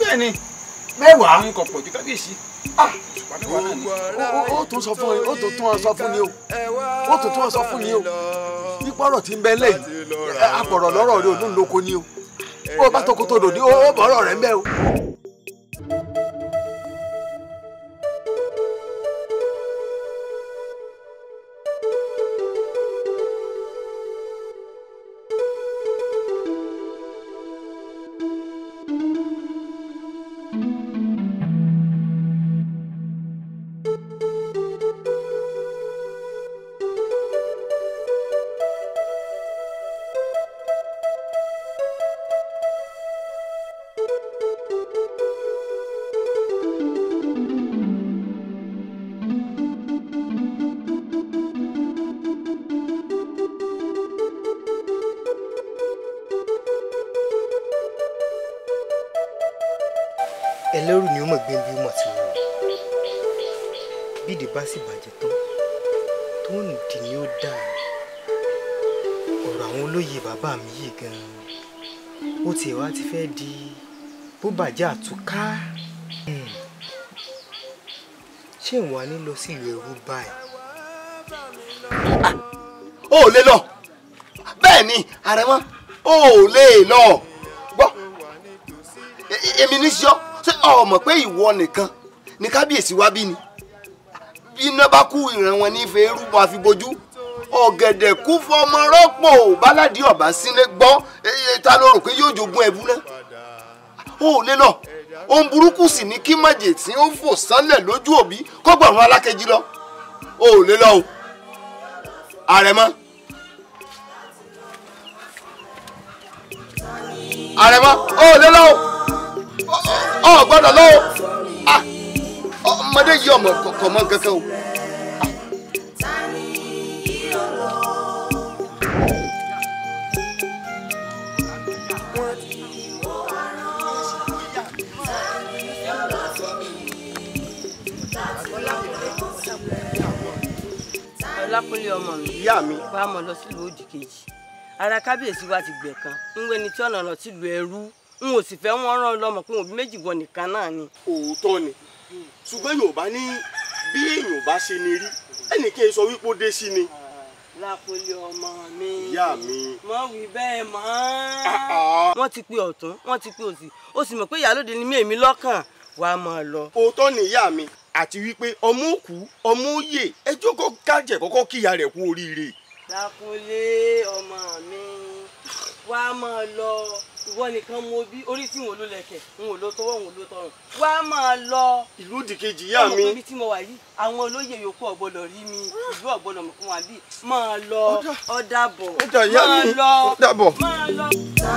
bẹ́ẹ̀ ni mẹ́wàá ń kọ̀ pọ̀ ju kábíyèsí. Ah! ó tún sọ fún ó tún tún ọ sọ fún ni o ó tún tún ọ sọ fún ni o ipò ọ̀rọ̀ tí ń bẹ lẹ́yìn àpọ̀rọ̀ lọ́rọ̀ rẹ olóńloko ni o bó o bá tokoto dò ní ó bọ̀ ọ̀rọ̀ rẹ ń bẹ o. tiẹ̀ wá ti fẹ́ di bó bàjẹ́ àtúká hmm. ṣé n wà ní lọ sí ìlú ẹrú báyìí. Ah! o ò lè lọ bẹ́ẹ̀ ni àrẹ̀mọ o ò lè lọ gbọ́ e, e, èmi ní sọ ṣé o pé ìwọ nìkan ni kábíyèsí wá bí ni bí iná bá kú ìran wọn ní ìfẹ́ rúbọ àfi bojú ọ̀gẹ̀dẹ̀ kú fọmọ rọ́pò báládì ọ̀bá sílé gbọ́ ta ló rò pé yóò jogún ẹbú náà ó lé lọ ohun burúkú sì ní kí májèsín ó fò sánlẹ̀ lójú òbí kó wọn alákejì lọ ó lé lọ o àrẹ̀mọ. àrẹ̀mọ ó lé lọ o ọ gbọ́dọ̀ lọ o ah! ọmọdé yìí ọmọ kọkọ mọ kankan o. Ọlákúnlé ọmọ mi. ìyá mi. bá a mọ̀ lọ sílùú òdì kejì ara kábíyèsí wa ti gbẹ̀ kan ń wẹni tí ọ̀nà lọ sílùú ẹrú n ò sì fẹ́ wọ́n rán lọ́mọ pé òbí méjì wọ nìkan náà ni. òótọ́ ni ṣùgbọ́n Yorùbá ní bí èèyàn bá ṣe ni rí ẹnì kí n sọ wípé ó dé sí ni. Lákúnlé ọmọ mi. ìyá mi. mo wí bẹ́ẹ̀ mọ́. Ah, ah. wọ́n ti pe ọ̀tún wọ́n ti pe òsì ó sì mọ̀ pé ìyálóde ni mí èmi lọ́kàn wàá máa lọ. òótọ́ ni ìyá mi àti wípé ọmọ òkú ọmọ òye ẹjọ́ kó kájẹ̀ kọ́kọ́ kíyà rẹ̀ kú oríire. lákúnlé ọmọ mi wá máa lọ ìwọ nìkan mo bí orí tí wọn ò lò lẹ̀kẹ̀ wọn ò lò tọwọ́ wọn ò lò tọrùn wá máa lọ. ìlú dìkejì yá mi. ọmọ mi tí mo wà yìí àwọn olóyè yòókù ọ̀gbọ́dọ̀ rí mi ìlú ọ̀gbọ́dọ̀ mọ̀ fún wa bí máa lọ ọ̀dàbọ̀ máa lọ ọ̀dàbọ̀ máa lọ. ta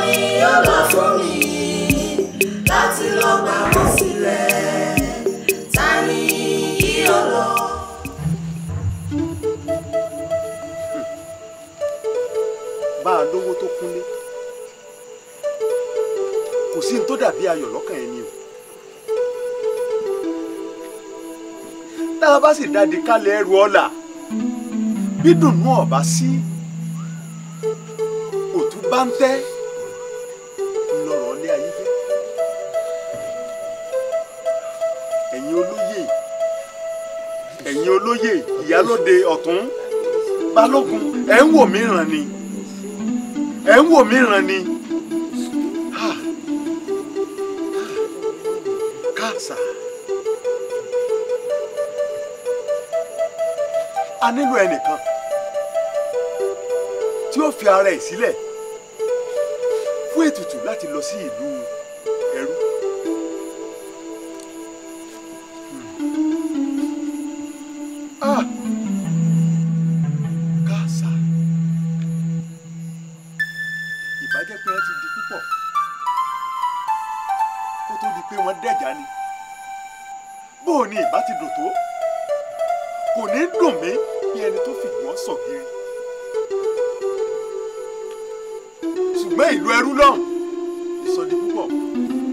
ni ó lọ fún mi láti lọ gbà wọ́n sílẹ̀ ta ni yíyọ lọ. bá a lówó tó kúnlé kò sí ní tó dàbí ayọ̀ lọ́kàn ẹni o tá a bá sì dáde kálẹ̀ ẹrù ọ̀la bí dùnú ọ̀bá sí òtún bá ń tẹ́ lọ́rọ̀ ilé ayé fún. ẹ̀yin olóyè ìyálóde ọ̀tún balógun ẹ̀ ń wò mí ràn ni ẹ̀ ń wò mí ràn ni káàsà. a nílò ẹnìkan tí ó fi ara ẹ̀ sílẹ̀ fún ètùtù láti lọ sí ìlú. bó o ní ìbá ti dùn tó kò ní dùn mí bí ẹni tó fi wọ́n sọ̀gìrì ṣùgbọ́n ìlú ẹrú lọ́hùn ìsọdí púpọ̀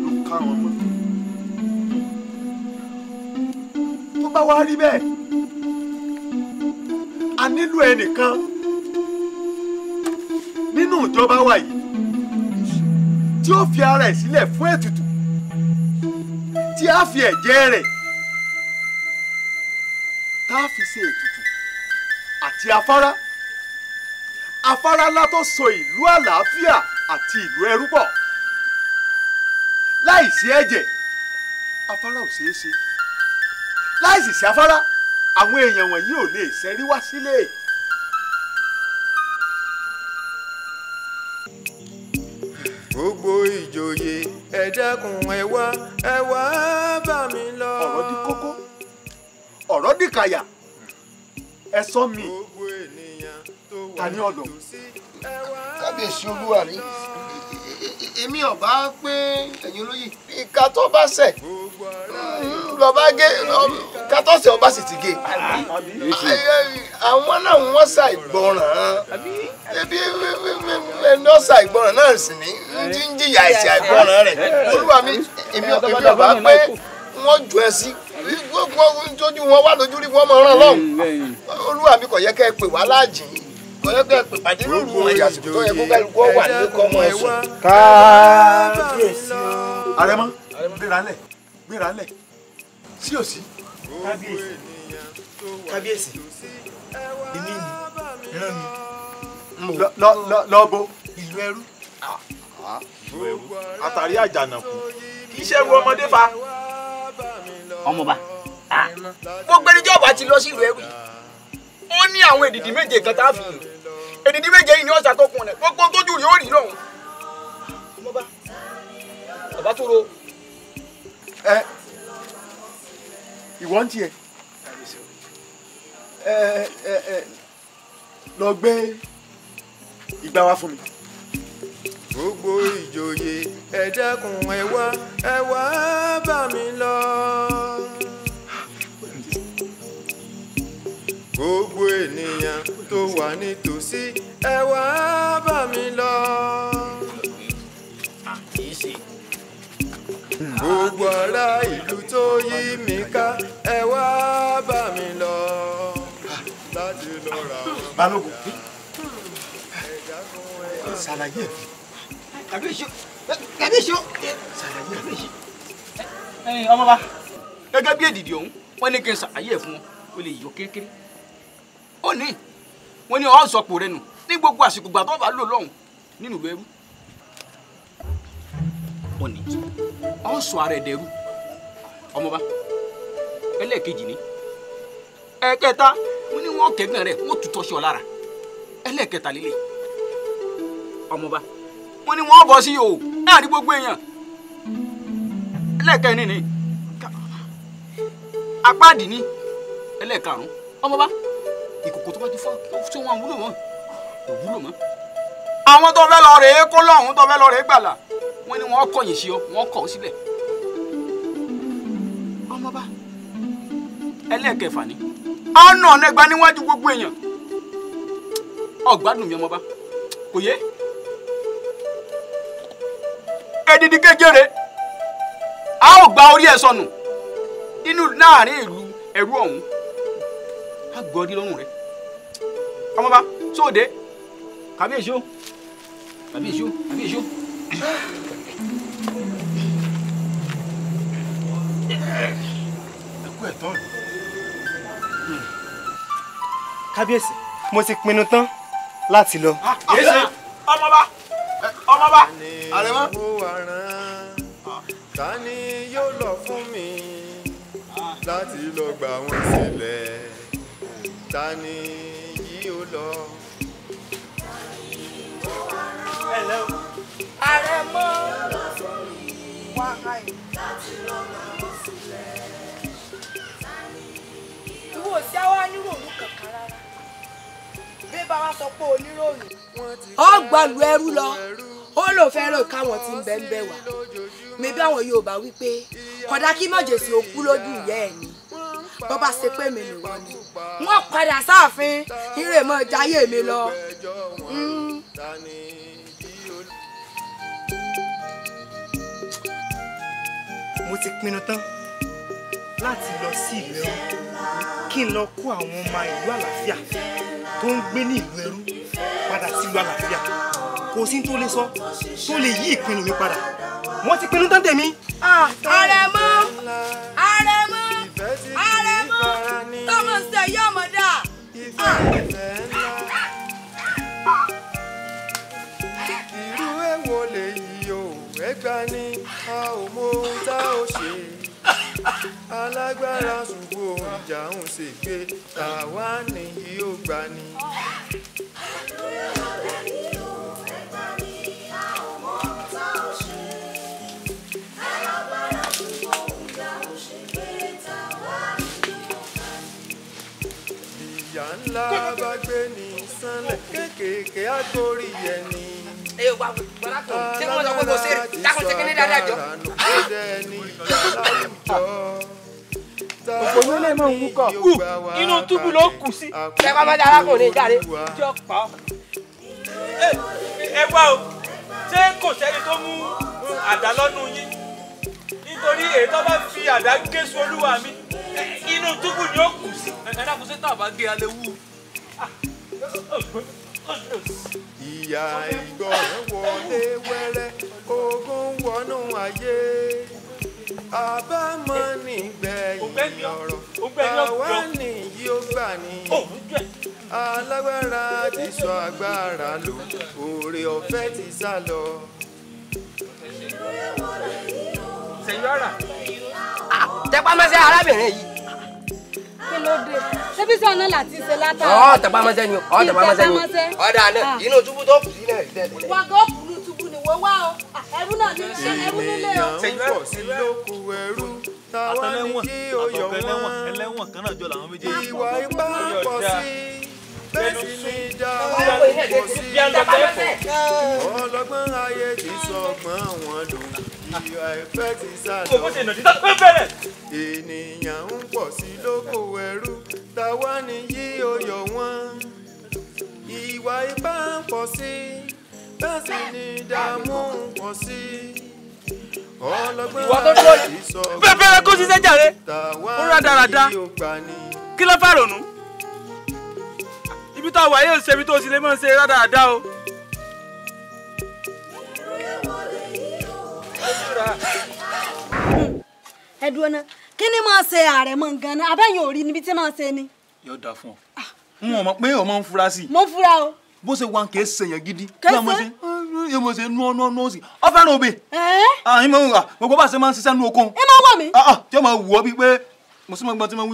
ló ká wọn mọ́ tó bá wá rí bẹ́ẹ̀ a nílò ẹnìkan nínú ìjọba wa yìí tí ó fi ara ẹ̀ sílẹ̀ fún ètùtù tí a fi ẹ̀jẹ̀ rẹ̀ tá a fi ṣe ètùtù àti afárá afárá ńlá tó so ìlú àlàáfíà àti ìlú ẹrú pọ̀ láìsí ẹ̀jẹ̀ afárá ò ṣeé ṣe láìsí sí afárá àwọn èèyàn wọ̀nyí ò lè ṣẹ́rí wá sílé. gbogbo ìjòyè ẹ dẹ́kun ẹ bá mi lọ. ọ̀rọ̀ di kókó ọ̀rọ̀ dìkàyà ẹ sọ mi ta ní ọ̀dọ̀. kábíyèsí olúwa mi èmi ọba pé ẹ̀yin olóyè ìka tó bá ṣẹ̀ lọ́ba gé kátọ́sẹ̀ ọba sì ti gé àwọn náà wọ́n ṣàìgbọràn ẹbí ẹni ọ̀sà ìgbọràn náà sì ní jíjìyà ẹ̀sìn àìgbọràn rẹ̀ olúwa mi èmi ọba pé wọ́n jù ẹ sí tójú wọn wà lójú rí wọn mọ ọ̀ràn lọ́hùn mm, olúwa mi kò yẹ kẹ́ ẹ pè wá láàjì kò yẹ kẹ́ ẹ pè pàdé lóru ẹ̀yà àsìkò tó yẹ kó kẹ́lu kó wà ní kọ́ ọmọ ẹ̀sùn. kábíyèsí. àrẹ̀mọ gbéra lẹ̀ sí ò sí. kábíyèsí kábíyèsí èmi ni ràn mí. lọ lọ lọ bo. Ah, ìlú ẹrú. àtàrí àjànàkú. kì í ṣe ru ọmọdé fa ọmọba ah. gbogbo ẹni tí ọba ti lọ sí ìlú ẹrú yìí ó ní àwọn èdìdì méje kan tá a fi yìí èdìdì méje yìí ni ọ̀sà tó kun rẹ̀ gbogbo tójú rí ó rí lọ́hùn ọmọba bàbá tó ro. ẹ ìwọ ń tiẹ̀ ẹ ẹ ẹ lọ gbé ìgbà wá fún mi gbogbo ìjòyè ẹ dẹ́kun ẹ wá ẹ wá bá mi lọ. gbogbo ènìyàn tó wà nítòsí ẹ wá bá mi lọ. gbogbo ará ìlú tó yí mi ká ẹ wá bá mi lọ. láti lọ ra ọ̀rọ̀. balógun ṣàlàyé ẹ̀. ṣàlàyé kàbíyèsí. ọmọba gẹ́gẹ́ bí èdìdì ọ̀hún wọ́n ní kí n ṣàlàyé ẹ̀ fún wọn ó yọ kékeré. ó ní wọn ni ọ sọpò rẹ nù ní gbogbo àsìkò gbà tó bá lò lọ́hùn nínú ìlú ó ní ọ sọ ara ẹ̀ dẹrú ọmọba ẹlẹ́ẹ̀kejì ni ẹ̀kẹta wọn ni wọn kẹgbẹ́ rẹ wọn tutọ́ sí ọ lára ẹlẹ́ẹ̀kẹta líle ọmọba wọn ni wọn bọ sí o náà rí gbogbo èèyàn ẹlẹ́ẹ̀kẹrin ni apáàdì ni ẹlẹ́ẹ̀karùn ọmọba. ìkòkò tó bá ti fọ́ tí wọ́n wúlò mọ́ kò wúlò mọ́. àwọn tó fẹ́ lọ rèé kó lọ́hún tó fẹ́ lọ rèé gbàlà wọ́n ní wọ́n kọ̀yìn sí ọ wọ́n kọ̀ ọ́ síbẹ̀. ọmọba ẹlẹ́ẹ̀kẹfà ni ọ̀nà ọ̀nẹ́gba níwájú gbogbo èèyàn ọ̀gbádùn mi ọmọba kò yé edidi kékeré a ó gba orí ẹ̀ sọnù inú láàrin ìlú ẹ̀rú ọ̀hún á gọrí lọ́rùn rẹ ọmọba sóòdè kàbíyèsí o kàbíyèsí o kàbíyèsí o. ẹkú ẹ̀tọ́ rẹ. kábíyèsí mo ti pinnu tán láti lọ. yéèsì ọmọba ọmọba àrẹ̀mọ. ta ni yóò lọ fún mi láti lọ gbà wọn sílẹ̀ ta ni yìí ó lọ. ẹ̀lẹ́ o. ààrẹ mọ́ wákàyè. ìwọ sí àwa níròyìn kankan rárá bí bá wa sọ pé oníròyìn. ọgbàlù ẹrú lọ ó lò fẹ́ràn káwọn ti ń bẹ́ẹ̀ bẹ́ẹ̀ wá mẹbí àwọn Yorùbá wípé kódà kí mọ̀jẹ̀sì òkú lójú ìyá ẹ̀ ni bó bá ṣe pé mi nìwọ ni wọ́n padà sáàfin ire mọ́ jayé mi lọ. Hmm. mo ti pinnu tán láti lọ sí ìlú ẹrú kí n lọ kó àwọn ọmọ ìlú àlàáfíà tó ń gbé ní ìlú ẹrú padà sílùú àlàáfíà kò sí tó lè sọ tó lè yí ìpinnu mi padà wọ́n ti pinnu tán tèmi. ààrẹ ah, mọ́ ààrẹ mọ́. gbani a ò mọ ohun tá ò ṣe alágbára ṣùgbọ́n ìjà ń ṣe pé tàwa nìyí ò gbani. ìyá ńlá bá gbé ní sánlẹ̀ kéékèèké á ẹni ẹ wà gbọ́dọ̀ ṣé wọ́n sọ pé kò sí dákun ṣe kíní dáadáa jọ. òpò yóò lè máa ń wúkọ̀ kù inú túbú ló kù sí. ṣé bá bá dá arákùnrin jáde tí ó pa ọ́. ẹ wá o ṣé kò sẹ́ni tó mú àdá lọ́nu yín nítorí èyí tó bá fi àdá gé sí olúwa mi inú túbú ni ó kù sí. ẹ̀ka dákun ṣé tá gé alẹ́ wú. Ah ìyá ìgbọràn wọlé wẹ́rẹ́ ogun wọnú ayé àbámọ̀ nígbẹ̀yìn ọ̀rọ̀ àwa nìyí ó gbà ní alágbára ti sọ agbára lò oore ọ̀fẹ́ ti sá lọ. sèyí ọ̀rà ah, tẹpá mọ́sẹ́ arábìnrin yìí kí ló dé ṣébí sọ ọ̀nà láti ṣe látàrí. ọ̀ tẹ̀pá mọ́sẹ́ ni ọ̀ tẹ̀pá mọ́sẹ́ ni ọ̀dà náà ah. inú túbú tó kù sílẹ̀ ìdẹ́gbẹ̀rẹ̀. wàá gọ́ bùnú túbú ni wọ́n wá o ah, ẹrú náà ní ṣe ẹrú nílé o. ṣèyí sí lóko ẹrú táwa ní kí ó yọ wọn. ẹlẹ́wọ̀n kan náà jọ làwọn méjèèjì. ìwà ipá pọ̀ sí bẹ́ẹ̀ sì ni dáa ọlọ́gbọ́n ayé ti sọ ọgbọ́n wọn lòun you are a pet inside. owó ṣe ìnàdí ènìyàn ń pọ̀ sí lóko ẹrú táwa ni yí oyọ̀ wọn ìwà ipá ń pọ̀ sí bẹ́ẹ̀ sì ni ìdààmú ń pọ̀ sí ìwà tó dúró yìí bẹ́ẹ̀ bẹ́ẹ̀ kó ṣiṣẹ́ jàre ó rà dáradára kí ló fà rònú ibi tó àwọ̀ ayé òṣèlú tó sì lè mọ̀ ṣe rà dáradára o ẹ dúró ná kí ni máa ṣe ààrẹ mọ̀ nǹkan náà abẹ́yìn ò rí níbi tí máa ṣe ni. yóò dáa fún ọ ah. n ò mọ pé o ń fura sí i. mo ń fura o. bó ṣe wà kì í ṣe yẹn gidi. kì í ṣe yóò mọ̀ ṣe nú ọ́ nú ọ́ nú ọ́ sí i. ọ fẹ́ràn òbí. àyìn máa ń wà gbogbo bá ṣe máa ń ṣiṣẹ́ nú okun. ẹ máa wọ̀ mí. Ah, ah, tí ó máa wù ọ́ bíi pé mo sì máa gbọ́n tí mo ń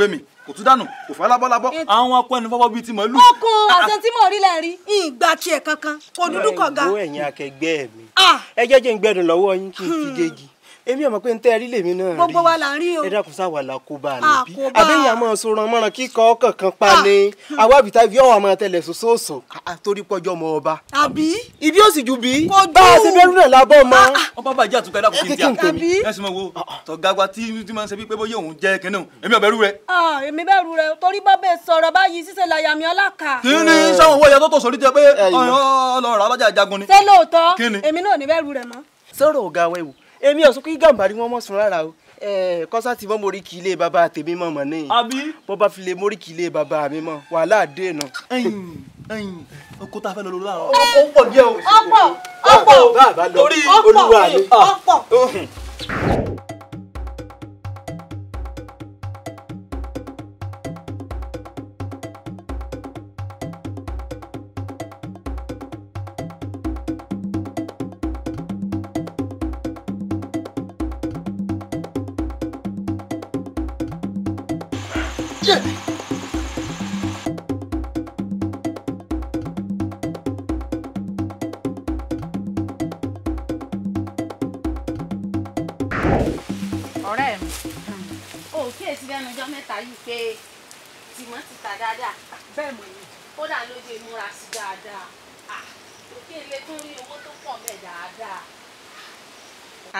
wí kò tún dànù kò fẹ́ lábọ́lábọ́ àwọn akọ ẹnu fọ́fọ́ bíi ti mọ̀ lù. okun ọ̀sẹ̀ tí mò ń rí lẹ̀ rí ìgbà tiẹ̀ kankan òdúdú kọ̀ga. ẹ̀yin akẹgbẹ́ mi ah! ẹ jẹ́ jẹ́ ń gbẹ́dùn lọ́wọ́ yín kí n fi gégi. Hmm èmi ọmọ pé ń tẹ́ ẹ rí lèmi náà rí gbogbo wa là ń rí o ẹ dákun sáwà là kó bá a níbí àbẹ́yìn àmọ́ sọ̀rọ̀ mọ́ràn kíkọ́ kankan pa ni ah. hmm. àwa àbíta ibi ọ̀wọ́ àmọ́ tẹ̀lẹ̀ sòsòsò torí pọ́jọ́ mọ ọba. àbí ibi ó sì ju bí bá a ṣe fẹ́rù náà lábọ́ mọ́. Ah, ah. ọba bàjẹ́ àtúkọ̀ ẹ dákun kí n tẹ àbí ẹ̀sìn mọ̀ wo tọ̀gàgbà tí tí máa ń ṣe bí pé bóyá òun jẹ́ kẹ́nà èmi ò bẹ̀rù rẹ. èmi bẹ̀rù rẹ torí bá bẹ́ẹ̀ sọ̀rọ̀ báyìí ṣíṣe làyà mi ọláka. kí ni sáwọn owó yẹn tó tò sórí jẹ pé ọlọ́run alájà jagun ni. ṣé lóòótọ́ èmi náà ò ní bẹ̀rù rẹ mọ́. sọ̀rọ̀ ọ̀gá wẹ̀wò èmi ò sọ pé gàmbàrí wọn mọ̀ sùn rárá o eh, kọ́sá tí wọ́n mórí kì í bàbá tèmi mọ̀ mọ̀ ní. àbí. bó bá fi lè mórí kì í bàbá mi mọ̀ wàhálà dé nà. oko tá fẹ́ lọ lọ láàárọ̀. oko pọ̀ díẹ̀ o. ọ̀pọ̀ ọ̀pọ̀ torí olúwa mi. ọ̀pọ̀ ọ̀pọ̀.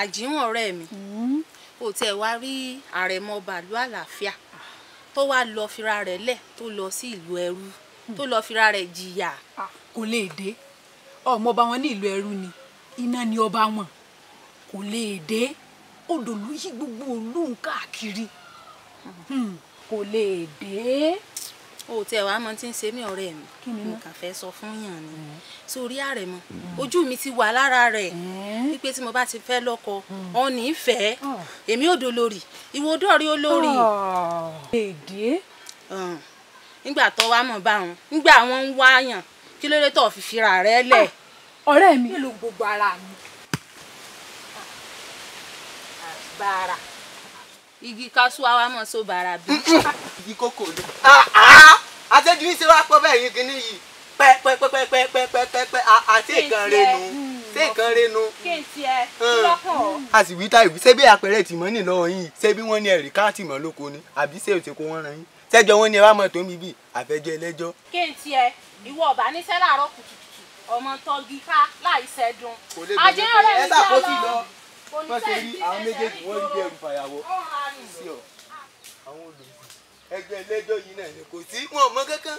àjíhùn ọ̀rẹ́ mi ò mm-hmm. tiẹ̀ wá rí àrẹ̀mọ bàálù àlàáfíà tó wá lọ fira rẹ̀ lẹ̀ tó lọ sí ìlú ẹrú tó lọ fira rẹ̀ jìyà. Ah, kò lè dé ọmọ wọn ní ìlú ẹrú ni iná ni ọba wọn kò lè dé odò ló yí gbogbo olóhùn káàkiri hmm, kò lè dé o ò tiẹ̀ wá mọ tí ń ṣe mí ọ̀rẹ́ mi mo kàn fẹ́ sọ fún yàn ni mm. sórí àrẹ̀mọ mm. ojú mi ti wà lára rẹ̀ mm. wípé tí mo bá ti fẹ́ lọ́kọ ọ̀nì ìfẹ́ oh. èmi ò dolórí ìwọ dọ̀rí olórí. Oh. èdè. nígbà tó wá mọ̀ bá wọn nígbà wọn ń wáyàn kí ló dé tó fi fira rẹ lẹ̀. Oh. ọ̀rẹ́ mi nílùú gbogbo ara mi. bàrà igi kaṣú àwa mọ̀ so bàrà bí. igi kókò àtẹ́jú yín ṣe wá pọ̀ bẹ́ẹ̀ yín kínní yìí pẹ́pẹ́pẹ́pẹ́pẹ́pẹ́pẹ́ àti nǹkan renu hmm. ṣé nǹkan renu. kí n tiẹ̀ hmm. lọ́kàn a sì wí táyì ṣé bí àpẹẹrẹ tìmọ́ nì lọ́wọ́ yín ṣé bí wọ́n ní ẹ̀rí káàtì mọ́ lóko ni àbí ṣé o ti kó wọ́n ran yín ṣẹ́jọ́ wọn ni ẹ wá mọ̀ tó ń bíbí àfẹ́jọ́ ẹlẹ́jọ́. kí n tiẹ̀ ìwọ ọ̀bá níṣẹ́ láàárọ̀ kùtùkùtù ọmọ tọ́gi ká láì ṣẹ́dun. àjẹ́ ọ̀rẹ́ mi jẹ́ lọ. kò ní sẹ́yìn tí ẹ ẹgbẹ́ ẹlẹ́jọ́ yìí náà ni kò sí wọn ò mọ kankan.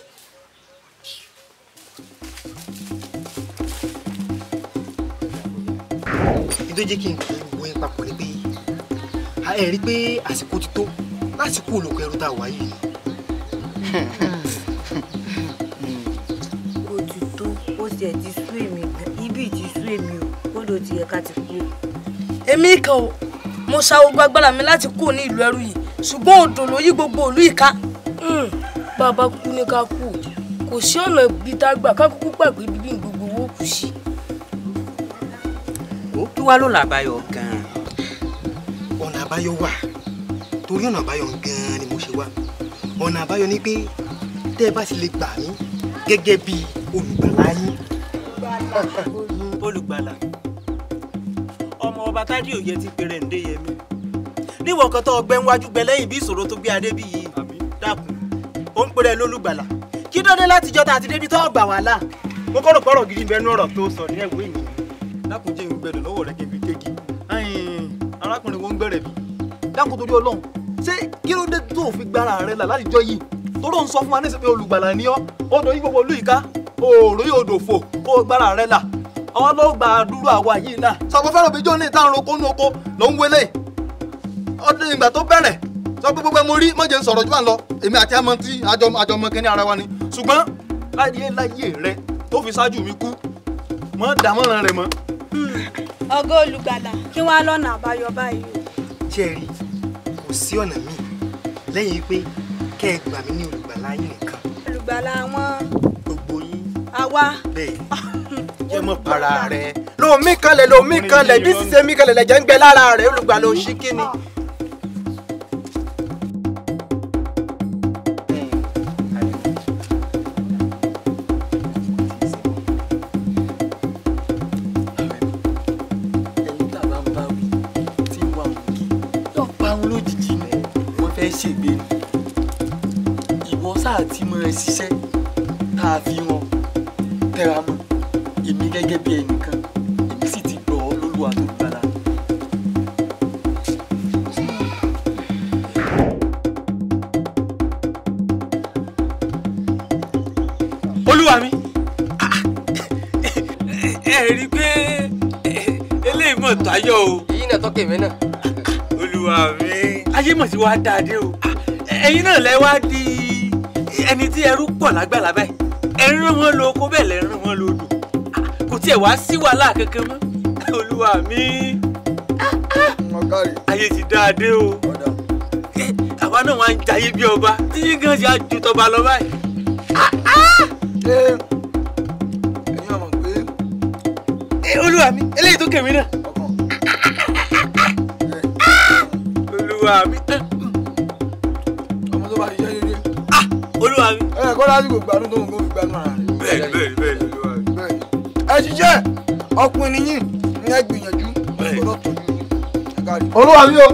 ìdójé kí n kò wo ipa pọ̀ ni pé ẹ rí i pé àsìkò ti tó lásìkò olùkọ ẹrú tá a wà yìí. kò ti tó ó ti ẹ̀ ti sú èmi ibi ti sú èmi o kódò ti yẹ ká ti kú. èmi kan o mo ṣàwọ̀ gbàgbára mi láti kú ní ìlú ẹrú yìí ṣùgbọ́n odò ló yí gbogbo ìlú ìka. Hmm, bàbá kú ni ká kú kò sí ọ̀nà ibi tá a gbà ká kúkú gbàgbé bíbí gbogbo owó kù sí. ó kí wá ló là báyọ̀ gan-an. ọ̀nà àbáyọ wà torí ọ̀nà àbáyọ gan-an ni mo ṣe wá ọ̀nà àbáyọ ni pé tẹ́ ẹ bá ti lè gbà mí gẹ́gẹ́ bí olùgbàlà yín. olùgbàlà ọmọ ọba tádé òye ti pèrè ǹdẹ́yẹmí níwọ̀n kan tó ọgbẹ́ ńwájú gbẹ lẹ́yìn bí ìṣòro tó gbé adé bí yìí dàkún ó ń pèrè lólùgbàlà kí dọ́dẹ́ láti jọta àti débi tó ọgbà wàhálà mo kọ́ rò pọ́rọ̀ gidi bẹnu ọ̀rọ̀ tó sọ nínú ìwé yìí dákun jẹ́ ìgbẹ́dọ̀ lọ́wọ́ rẹ kébí kéèkì arákùnrin wo ń gbẹ̀rẹ̀ bí dákun torí ọlọ́run ṣé kí ló dé tó fi gbára rẹ là látijọ́ yìí torí òun sọ fún wa ní ọdún ìgbà tó bẹ̀rẹ̀ sọ pé gbogbo ẹ mo rí mọ̀jẹ̀ ń sọ̀rọ̀ jù à ń lọ èmi àti àmọ́ tí àjọmọ kẹ́ni ara wa ni ṣùgbọ́n láyé láyé rẹ tó fi ṣáájú mi kú mọ́ dàmọ́ràn rẹ mọ́. Hmm. ọgá olùgbàlà kí wọ́n á lọ́nà àbáyọ báyìí o. jẹ́rìí kò sí ọ̀nà míì lẹ́yìn pé kẹ́ ẹ gbà mí ní olùgbàlà yín nìkan. olùgbàlà wọn. gbogbo yín. àwa. bẹ́ẹ̀ jẹ mọ para rẹ. lomi kanlẹ̀ lomi kanlẹ̀ bí sísè mi kanlẹ̀ lẹjẹ ń gbẹ lára rẹ olùgbàlà òṣìkí ni. ṣiṣẹ́ tá a fi hàn tẹ́ra mọ́ èmi gẹ́gẹ́ bí ẹnìkan èmi sì ti gbọ́ lólùwà tó gbàlà. olúwa mi ẹ rí i pé eléyìí mọ̀ tó ayọ̀ o. èyí náà tọ́kẹ̀ mi olúwa mi. ayé mọ̀ sí wa dáadé o ẹ̀yin náà lẹ́ wá di ẹni tí ẹrú pọ̀ lágbàlá báyìí ẹ ń rán wọn lọ oko bẹ́ẹ̀ lẹ́ ń rán wọn lọ odò kò tiẹ̀ wá sí wàhálà kankan mọ́ olúwa mi. ayé ti dáadé o àwa náà wá ń jayé bí ọba títí gan ṣe àjù tọba lọ báyìí. ṣé ọmọ pé. olúwa mi eléyìí tó kẹ̀mí náà. olúwa mi. kò gbanú tó ń kó gbanú ara rẹ̀. bẹ́ẹ̀ni bẹ́ẹ̀ni bẹ́ẹ̀ni. ẹ ṣiṣẹ́ ọkùnrin yìí ni ẹ gbìyànjú ọ̀dọ́ tó yìí ẹ káàdì. olúwa mi o.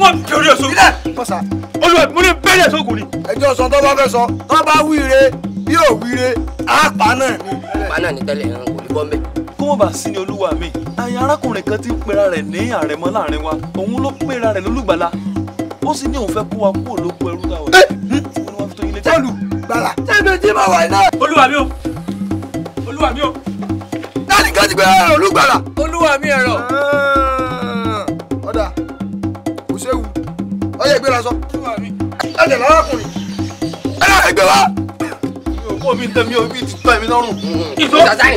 wọ́n ti orí ẹ̀sọ́ olúwa mo ní bẹ́ẹ̀ ẹ̀sọ́ kò ní. ẹjọ́ sọ tó bá fẹ́ sọ tó bá wíire bí ò wíire á pa náà ni. pa náà ni tẹ́lẹ̀ náà kò ní bọ́ mbẹ́. kó o bá sí ni olúwa mi àyà arákùnrin kan ti ń pera rẹ̀ ní àrẹ̀mọ láàrin wa òun ló pera rẹ̀ lólùgbàlà ó sì ní òun fẹ́ kó wa kúrò lóko ẹrú táwọn yìí ó ní wọ́n fi tó ilé jẹ́. olù gbàrà ṣẹ́bi tí mo wà iná. olúwa mi o olúwa mi o. láti kọ́ ti gbé ẹ̀rọ olúgbàrà. olúwa mi ẹ̀rọ. ọ̀dà kò séwu ọyẹ ìgbéra sọ. olúwa mi. ẹ̀jẹ̀ lárakùnrin ẹ̀rọ ẹgbẹ́ wa. mi ò kó mi tẹ́ mi ò bí ti tọ́ mi lọ́rùn. ìfọ̀ ìjàsáyìn.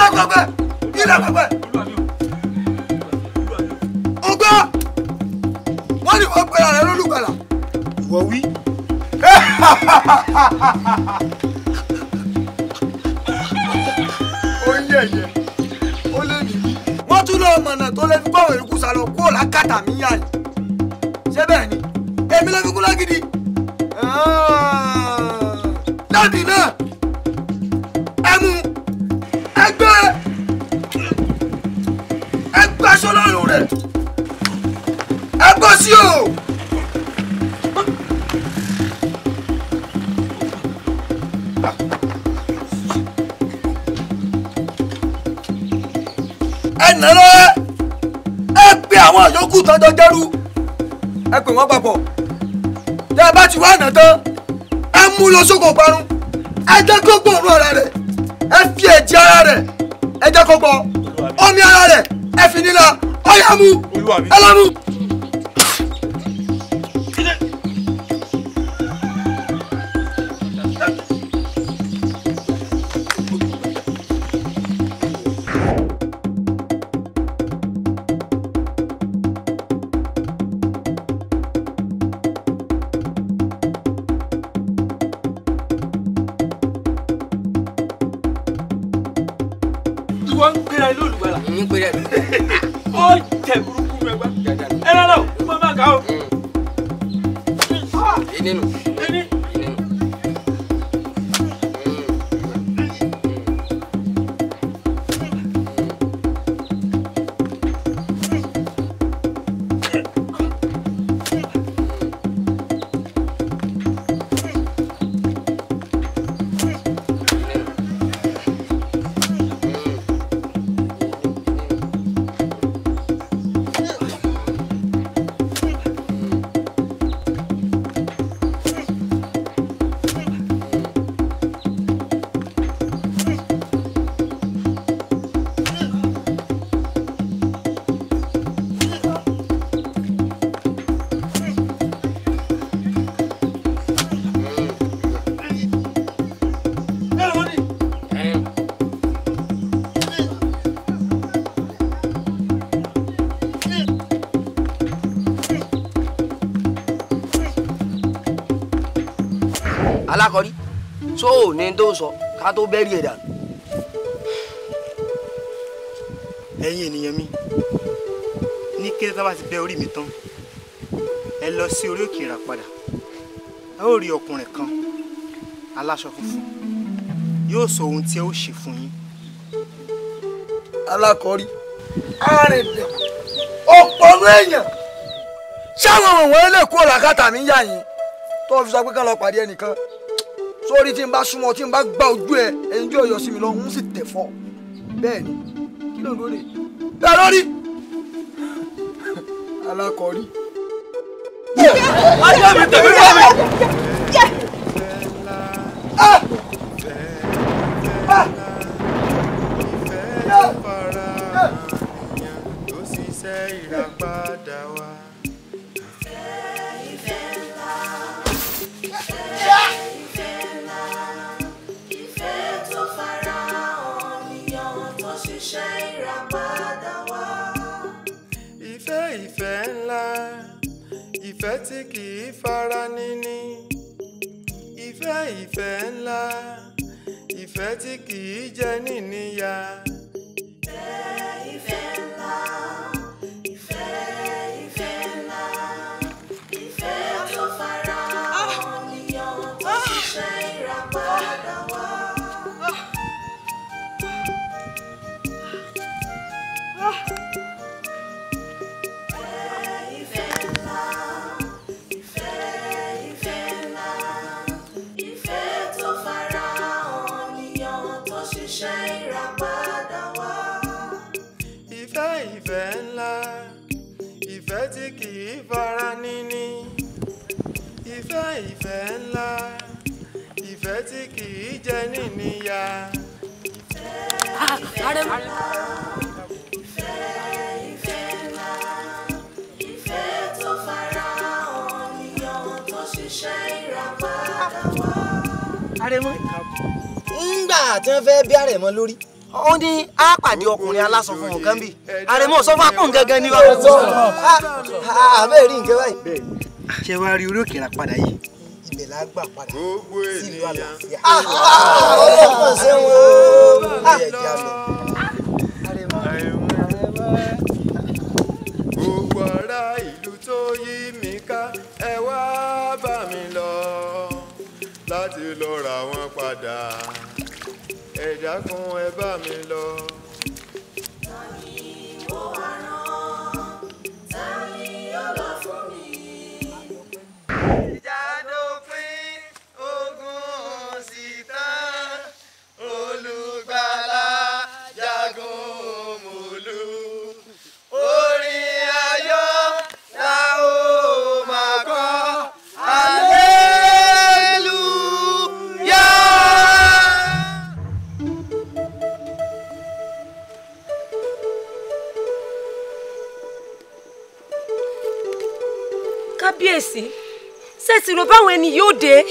ilé pẹpẹ ilé pẹpẹ o gbọ́ wọ́n ní wọ́n pẹ̀lú ààrẹ lólùgbàlà. wí. ó yẹ yẹ ó lé mi. wọ́n tún lọ mọ̀nà tó lè fi báwọn erékùsà lọ kúrò lákàtà mi yá ni ṣé bẹ́ẹ̀ ni èmi lè fi kú lágídí. dábì náà. sí o. ẹ nàró ẹ pé àwọn yòókù tán jọ jẹ́rú ẹ pè wọ́n papọ̀ tẹ́ ẹ bá ti wá àná tán ẹ mú lọ sóko parun ẹ jẹ́ kó gbòòrò ara rẹ̀ ẹ fi ẹ̀jẹ̀ ara rẹ̀ ẹ jẹ́ kó gbọ́ omi ara rẹ̀ ẹ fi nílà ọ̀yà mu pèrè ìlú olùgbàlà. ìyín pèrè ìlú. ó jẹ burúkú mẹgbà. ẹ lọ́dọ̀ ó máa bá a kà ó. ìdí ní tó sọ ká tó bẹ́rì ẹ̀ dànù. ẹ̀yin ènìyàn mi ní kété tó bá ti bẹ orí mi tán ẹ lọ sí orí òkè Ìràpadà ẹ ó rí ọkùnrin kan aláṣọ funfun yóò sọ ohun tí ẹ ó ṣe fún yín. alákọ̀ọ́rí arìndẹ̀ òpònú èèyàn ṣáwọn òun ẹ lè kó làkàtà mi yá yín tó fi sọ pé ká lọ pàdé ẹnìkan sórí tí n bá súnmọ́ tí n bá gba ojú ẹ ẹyin tí yóò yọ sí mi lọ ń sì tẹ̀ fọ́ bẹ́ẹ̀ ni kí ló ń lóore ẹ lórí alákọ̀ọ́rí. ayé mi tẹ̀lé wá mi. ìfẹ́ ló fara hàn tó ṣiṣẹ́ ìràpadà wa. ìfẹ́ ńlá ìfẹ́ tí kìí jẹ níníya. jẹni níyà. ààrẹ mú. ìfẹ́ ìfẹ́ ńlá ìfẹ́ tó fara hàn níyàn tó ṣiṣẹ́ ìràpadà wá. ààrẹ mú. ńgbà tí wọ́n fẹ́ bí ààrẹ mọ́ lórí ó ní á pàdé ọkùnrin aláṣọ fún ọ̀gán bí àrẹ̀mọ́ sọ fún apọ̀ gangan ni wọ́n. àbẹ́ẹ̀rí nǹkan báyìí. ṣé wàá rí orí òkè padà yìí ibẹ̀ la gbà padà sílùú àlàáfíà. ọlọ́pàá lọ. gbogbo ará ìlú tó yí ẹ bá mi lọ láti lọ ra wọn padà ẹ dákun ẹ mi sì rò báwọn ẹni yóò dé.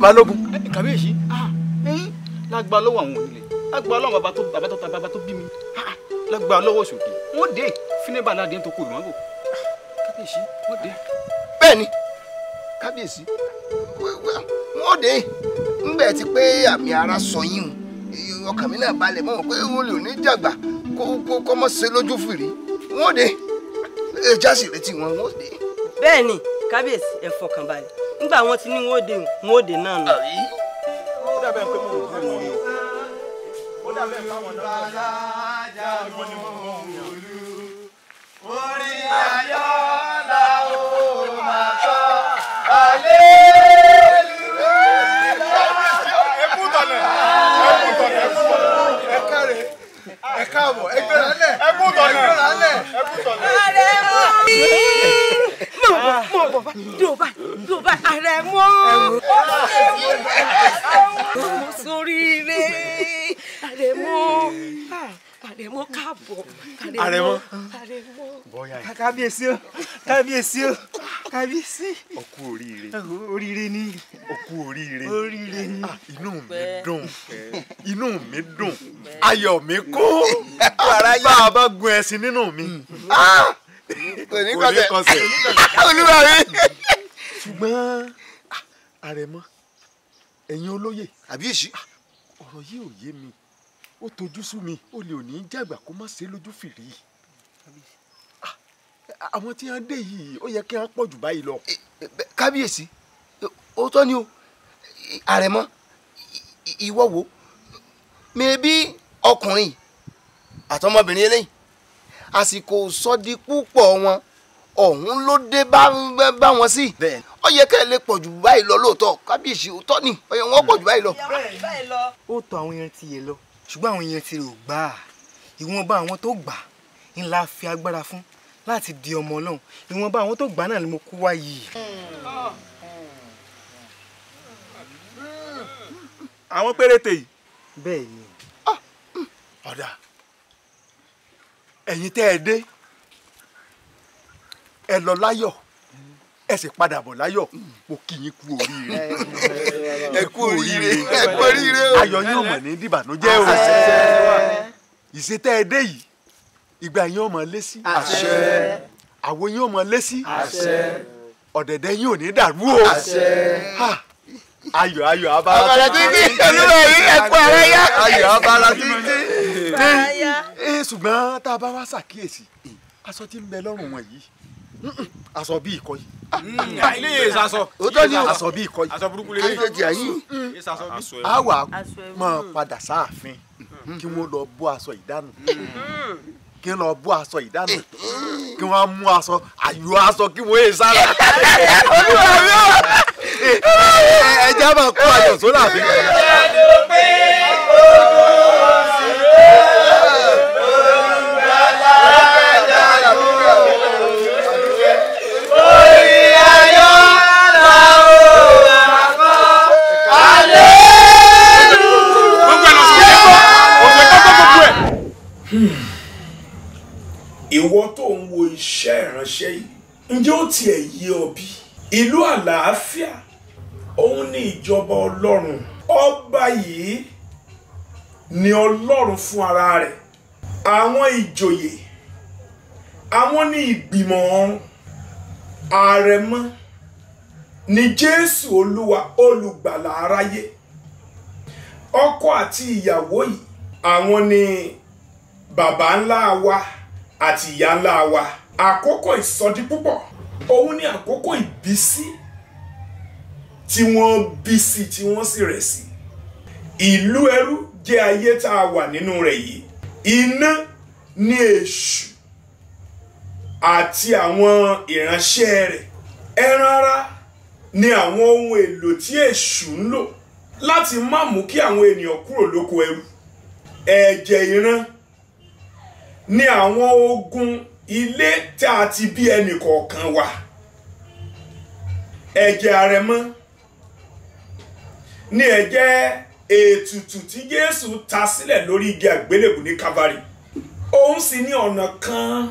balógun kàbíyèsí ah, hmm? lágbá lọ́wọ́ àwọn òní lágbá lọ́wọ́ bàbá tó bàbá tó ta bàbá tó bí mi ah, lágbá lọ́wọ́ òṣòkè wọ́n dé fúnébà aládé tó kó olùmọ́gò kábíyèsí wọ́n dé. bẹ́ẹ̀ni kábíyèsí wọ́n dé ńgbẹ ti pé àmì ara sọ yín o ọkàn mi náà balẹ̀ mọ́ pé wọ́n lè ní jàgbá kó kó kọ́ mọ́ ṣe lójú fìrí wọ́n dé ẹja eh, sì retí wọn wọn dé. bẹ́ẹ̀ ni kábíyèsí ẹ fọkàn balẹ̀ nígbà wọn ti ní wọn ò dé wọn ò dé náà nù. ó dàbẹ̀ pé mo ò gbé wọn ni ó dàbẹ̀ pé àwọn náà ń bá a jáde. káàbọ̀ ẹ gbéra lẹ̀ ẹ kú tọ̀nà ẹ gbéra lẹ̀ ẹ kú tọ̀nà. Àrẹ̀mú mọ̀ bọ̀ mọ̀ bọ̀ bá dúró bá dúró mo ṣoríire Àrẹ̀mú Àrẹ̀mú káàbọ̀ Àrẹ̀mú bọ́yá yìí. kábíyèsí o kábíyèsí ni òkú oríire oríire ni ah, inú mi dùn inú mi dùn ayọ̀ mi kún bá a bá gun ẹṣin nínú mi hmm. ah! kò ní kọsẹ̀ olúwa mi. ṣùgbọ́n ah, àrẹ̀mọ ẹ̀yin olóye àbíyèsí ọ̀rọ̀ yìí ò yé mi ó tojú sú mi ó lè ò ní jàgbà kó má ṣe lójú fìrí àwọn tí wọ́n dé yìí ó yẹ kí wọ́n pọ̀ jù báyìí lọ. Eh, eh, kábíyèsí òótọ́ ni o àrẹ̀mọ ìwọ wo mẹbí ọkùnrin àtọmọbìnrin eléyìí àsìkò sọdí púpọ̀ wọn ọ̀hún ló dé bá wọn sí ó yẹ kẹ́ ẹ lè pọ̀ jù báyìí lọ lóòótọ́ kábíyèsí òótọ́ ni ó yẹ wọ́n pọ̀ jù báyìí lọ. ó tọ àwọn yẹn ti yẹ lọ ṣùgbọ́n àwọn yẹn ti rò gbà á ìwọ̀nba àwọn tó gbà ńlá fi agbára fún láti di ọmọ ọlọ́run ìwọ̀nba àwọn tó gbà náà ni mo kó wá yìí. Hmm. àwọn péréte yìí. bẹ́ẹ̀ ni. Ah, hmm, ọ̀dà ẹ̀yin tẹ́ ẹ dé ẹ lọ láyọ̀ ẹ sì padà bọ̀ láyọ̀ mo kí yín kú oríire. ẹ kú oríire ẹ kú oríire o. ayọ̀ yóò mọ̀ ní dìbànújẹ́ o. ìṣe tẹ́ ẹ dé yìí ìgbà yín ò mọ̀ lé sí. àṣẹ. àwo yín ò mọ̀ lé sí. àṣẹ. ọ̀dẹ̀dẹ̀ yín ò ní dàrú o. àṣẹ. ha ayọ̀ ayọ̀ abala títí. abala títí olúwa yìí ẹ̀kọ́ ara yá. ayọ̀ abala títí. ṣùgbọ́n tá a bá wá ṣàkíyèsí aṣọ tí ń bẹ lọ́rùn wọn yìí aṣọ bí ìkọ yìí. Mm, ah, ilé yìí sasọ. o tó ní aṣọ bí ìkọ yìí. aṣọ burúkú lè rí. ayélujára yìí a wà máa padà sáàfin kí wọ́n lọ bọ́ aṣọ ìdánù kí wọ́n lọ bọ́ aṣọ ìdánù kí wọ́n mú aṣọ àyò aṣọ kí wọ́n yé sára. olúwa mi ẹ jẹ́ àbá kó ayọ̀ sólà fi. ìwọ tó ń wo iṣẹ́ ìránṣẹ́ yìí ǹjẹ́ ó tiẹ̀ yé ọ bí ìlú àlàáfíà òun ni ìjọba ọlọ́run ọba yìí ni ọlọ́run fún ara rẹ̀ àwọn ìjòyè àwọn ní ìgbìmọ̀ ọ̀run àrẹ̀mọ ni jésù olúwa olùgbàlà aráyé ọkọ àti ìyàwó yìí àwọn ni bàbá ńlá wa àti ìyá ńlá wa àkókò ìsọdí púpọ̀ òun ni àkókò ìbísí tí wọ́n bí sí tí wọ́n sì rẹ̀ sí ìlú ẹrú jẹ́ ayé tá a wà nínú rẹ̀ yìí iná ní èṣù àti àwọn ìránṣẹ́ rẹ̀ ẹran ara ni àwọn ohun èlò tí èṣù ń lò láti má mú kí àwọn ènìyàn kúrò lóko ẹrú ẹ̀jẹ̀ ìran ni àwọn ogun ilé tá a ti bí ẹnì kọ̀ọ̀kan wa ẹ̀jẹ̀ àrẹ̀mọ́ ní ẹ̀jẹ̀ ètùtù tí Jésù ta sílẹ̀ lórí igi àgbélébù ní Calvary òun sì ní ọ̀nà kan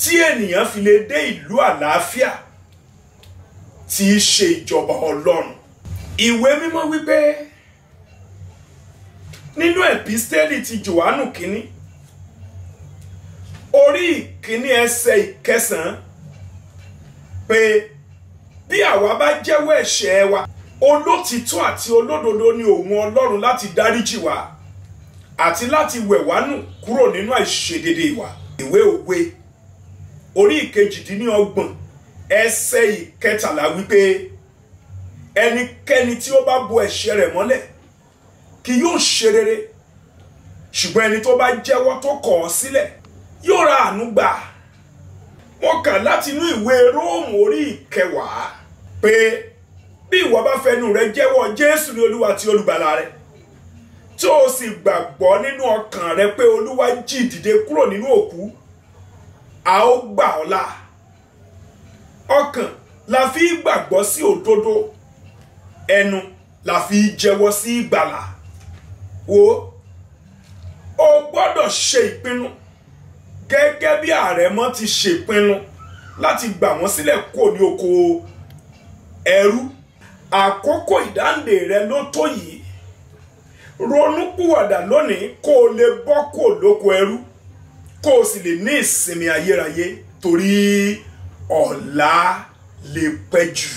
tí ènìyàn fi lè dé ìlú àlàáfíà tí í ṣe ìjọba Ọlọ́run ìwé mímọ́ wípé nínú ẹ̀písítẹ́lì ti Jòhánù kínní orí ìkíní ẹsẹ̀ ìkẹsàn-án pé bí àwa bá jẹ́wọ́ ẹ̀ṣẹ̀ wa olótìtọ́ àti olódodo ni òun ọlọ́run láti dáríjì wá àti láti wẹ̀ wá nù kúrò nínú àìṣedéédéé wa ìwé òwe orí ìkejìdínlọ́gbọ̀n ẹsẹ̀ ìkẹtàlá wípé ẹnikẹ́ni tí ó bá bo ẹ̀ṣẹ̀ rẹ̀ mọ́lẹ̀ kì yóò ṣe rere ṣùgbọ́n ẹni tó bá jẹ́wọ́ tó kọ̀ ọ́ sílẹ̀ yóò ra àánú gbà wọ́n kà látinú ìwé róòmù orí ìkẹwàá pé bí ìwọ bá fẹnu rẹ jẹ́wọ́ jésù ní olúwa tí olùgbàlà rẹ tí o sì gbàgbọ́ nínú ọkàn rẹ pé olúwa jí dìde kúrò nínú òkú a ó gbà ọ́ là ọkàn la fi gbàgbọ́ sí òdodo ẹnu la fi jẹ́wọ́ sí ìgbàlà wo o gbọ́dọ̀ ṣe ìpinnu gẹ́gẹ́ bí àrẹ̀mọ ti ṣèpinnu láti gbà wọ́n sílẹ̀ kúrò ní oko ẹrú àkókò ìdáǹdè rẹ ló tó yìí ronúpìwàdà lónìí kó o lè bọ́ kó o lóko ẹrú kó o sì lè ní ìsinmi ayérayé torí ọ̀la lè pẹ́ jù.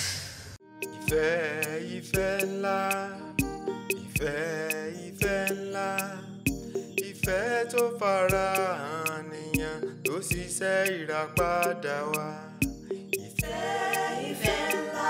ìfẹ́ ìfẹ́ ńlá ìfẹ́ ìfẹ́ ńlá ìfẹ́ tó fara hàn nìyẹn tó ṣiṣẹ́ ìràpadà wá. ìfẹ́ ìfẹ́ ńlá.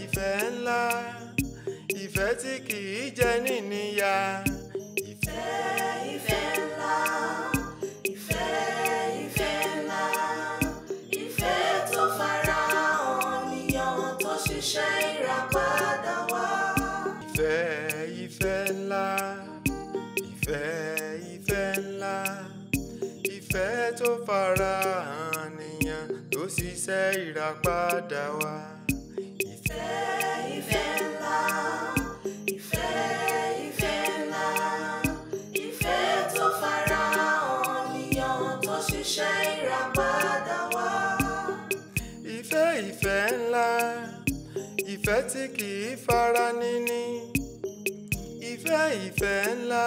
ìfẹ́ ńlá ìfẹ́ tí kì í jẹ níníya. ìfẹ́ ìfẹ́ ńlá ìfẹ́ ìfẹ́ ńlá ìfẹ́ tó fara hàn níyàn tó ṣiṣẹ́ ìràpadà wá. ìfẹ́ ìfẹ́ ńlá ìfẹ́ ìfẹ́ ńlá ìfẹ́ tó fara hàn níyàn tó ṣiṣẹ́ ìràpadà wá. ìfẹ́ tí kì í fara níní ìfẹ́ ìfẹ́ ńlá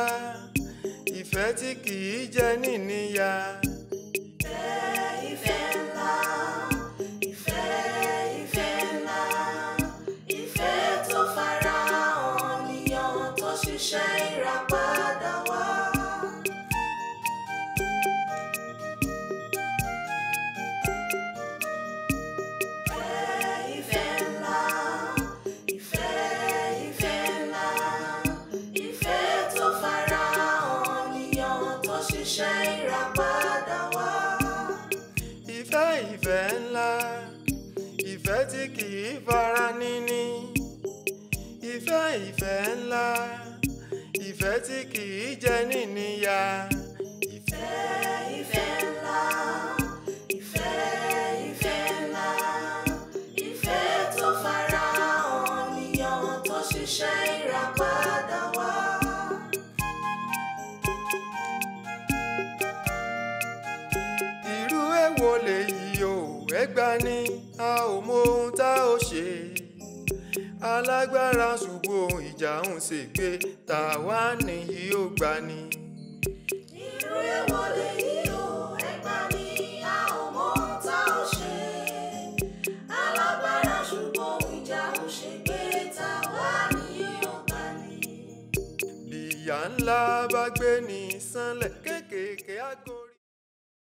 ìfẹ́ tí kì í jẹ níníya. ńlá ìfẹ́ tí kì í jẹ níníyà. ìfẹ́ ìfẹ́ ńlá ìfẹ́ ìfẹ́ ńlá ìfẹ́ tó fara hàn nìyàn tó ṣiṣẹ́ ìràpadà wá. irú èwo lèyí o ẹgbàá ni a ò mọ ohun tá a ṣe alágbára ṣùgbọ́n ìjà ń ṣe gbé tàwa nìyí ó gbà ni. irú èwo lèyí o ẹ gbà mí a ò mọ ohun tá ò ṣe alágbára ṣùgbọ́n ìjà ń ṣe gbé tàwa nìyí ó gbà ni. bíyà ńlá bá gbé ní sánlẹ̀ kéékèèké àgọ́.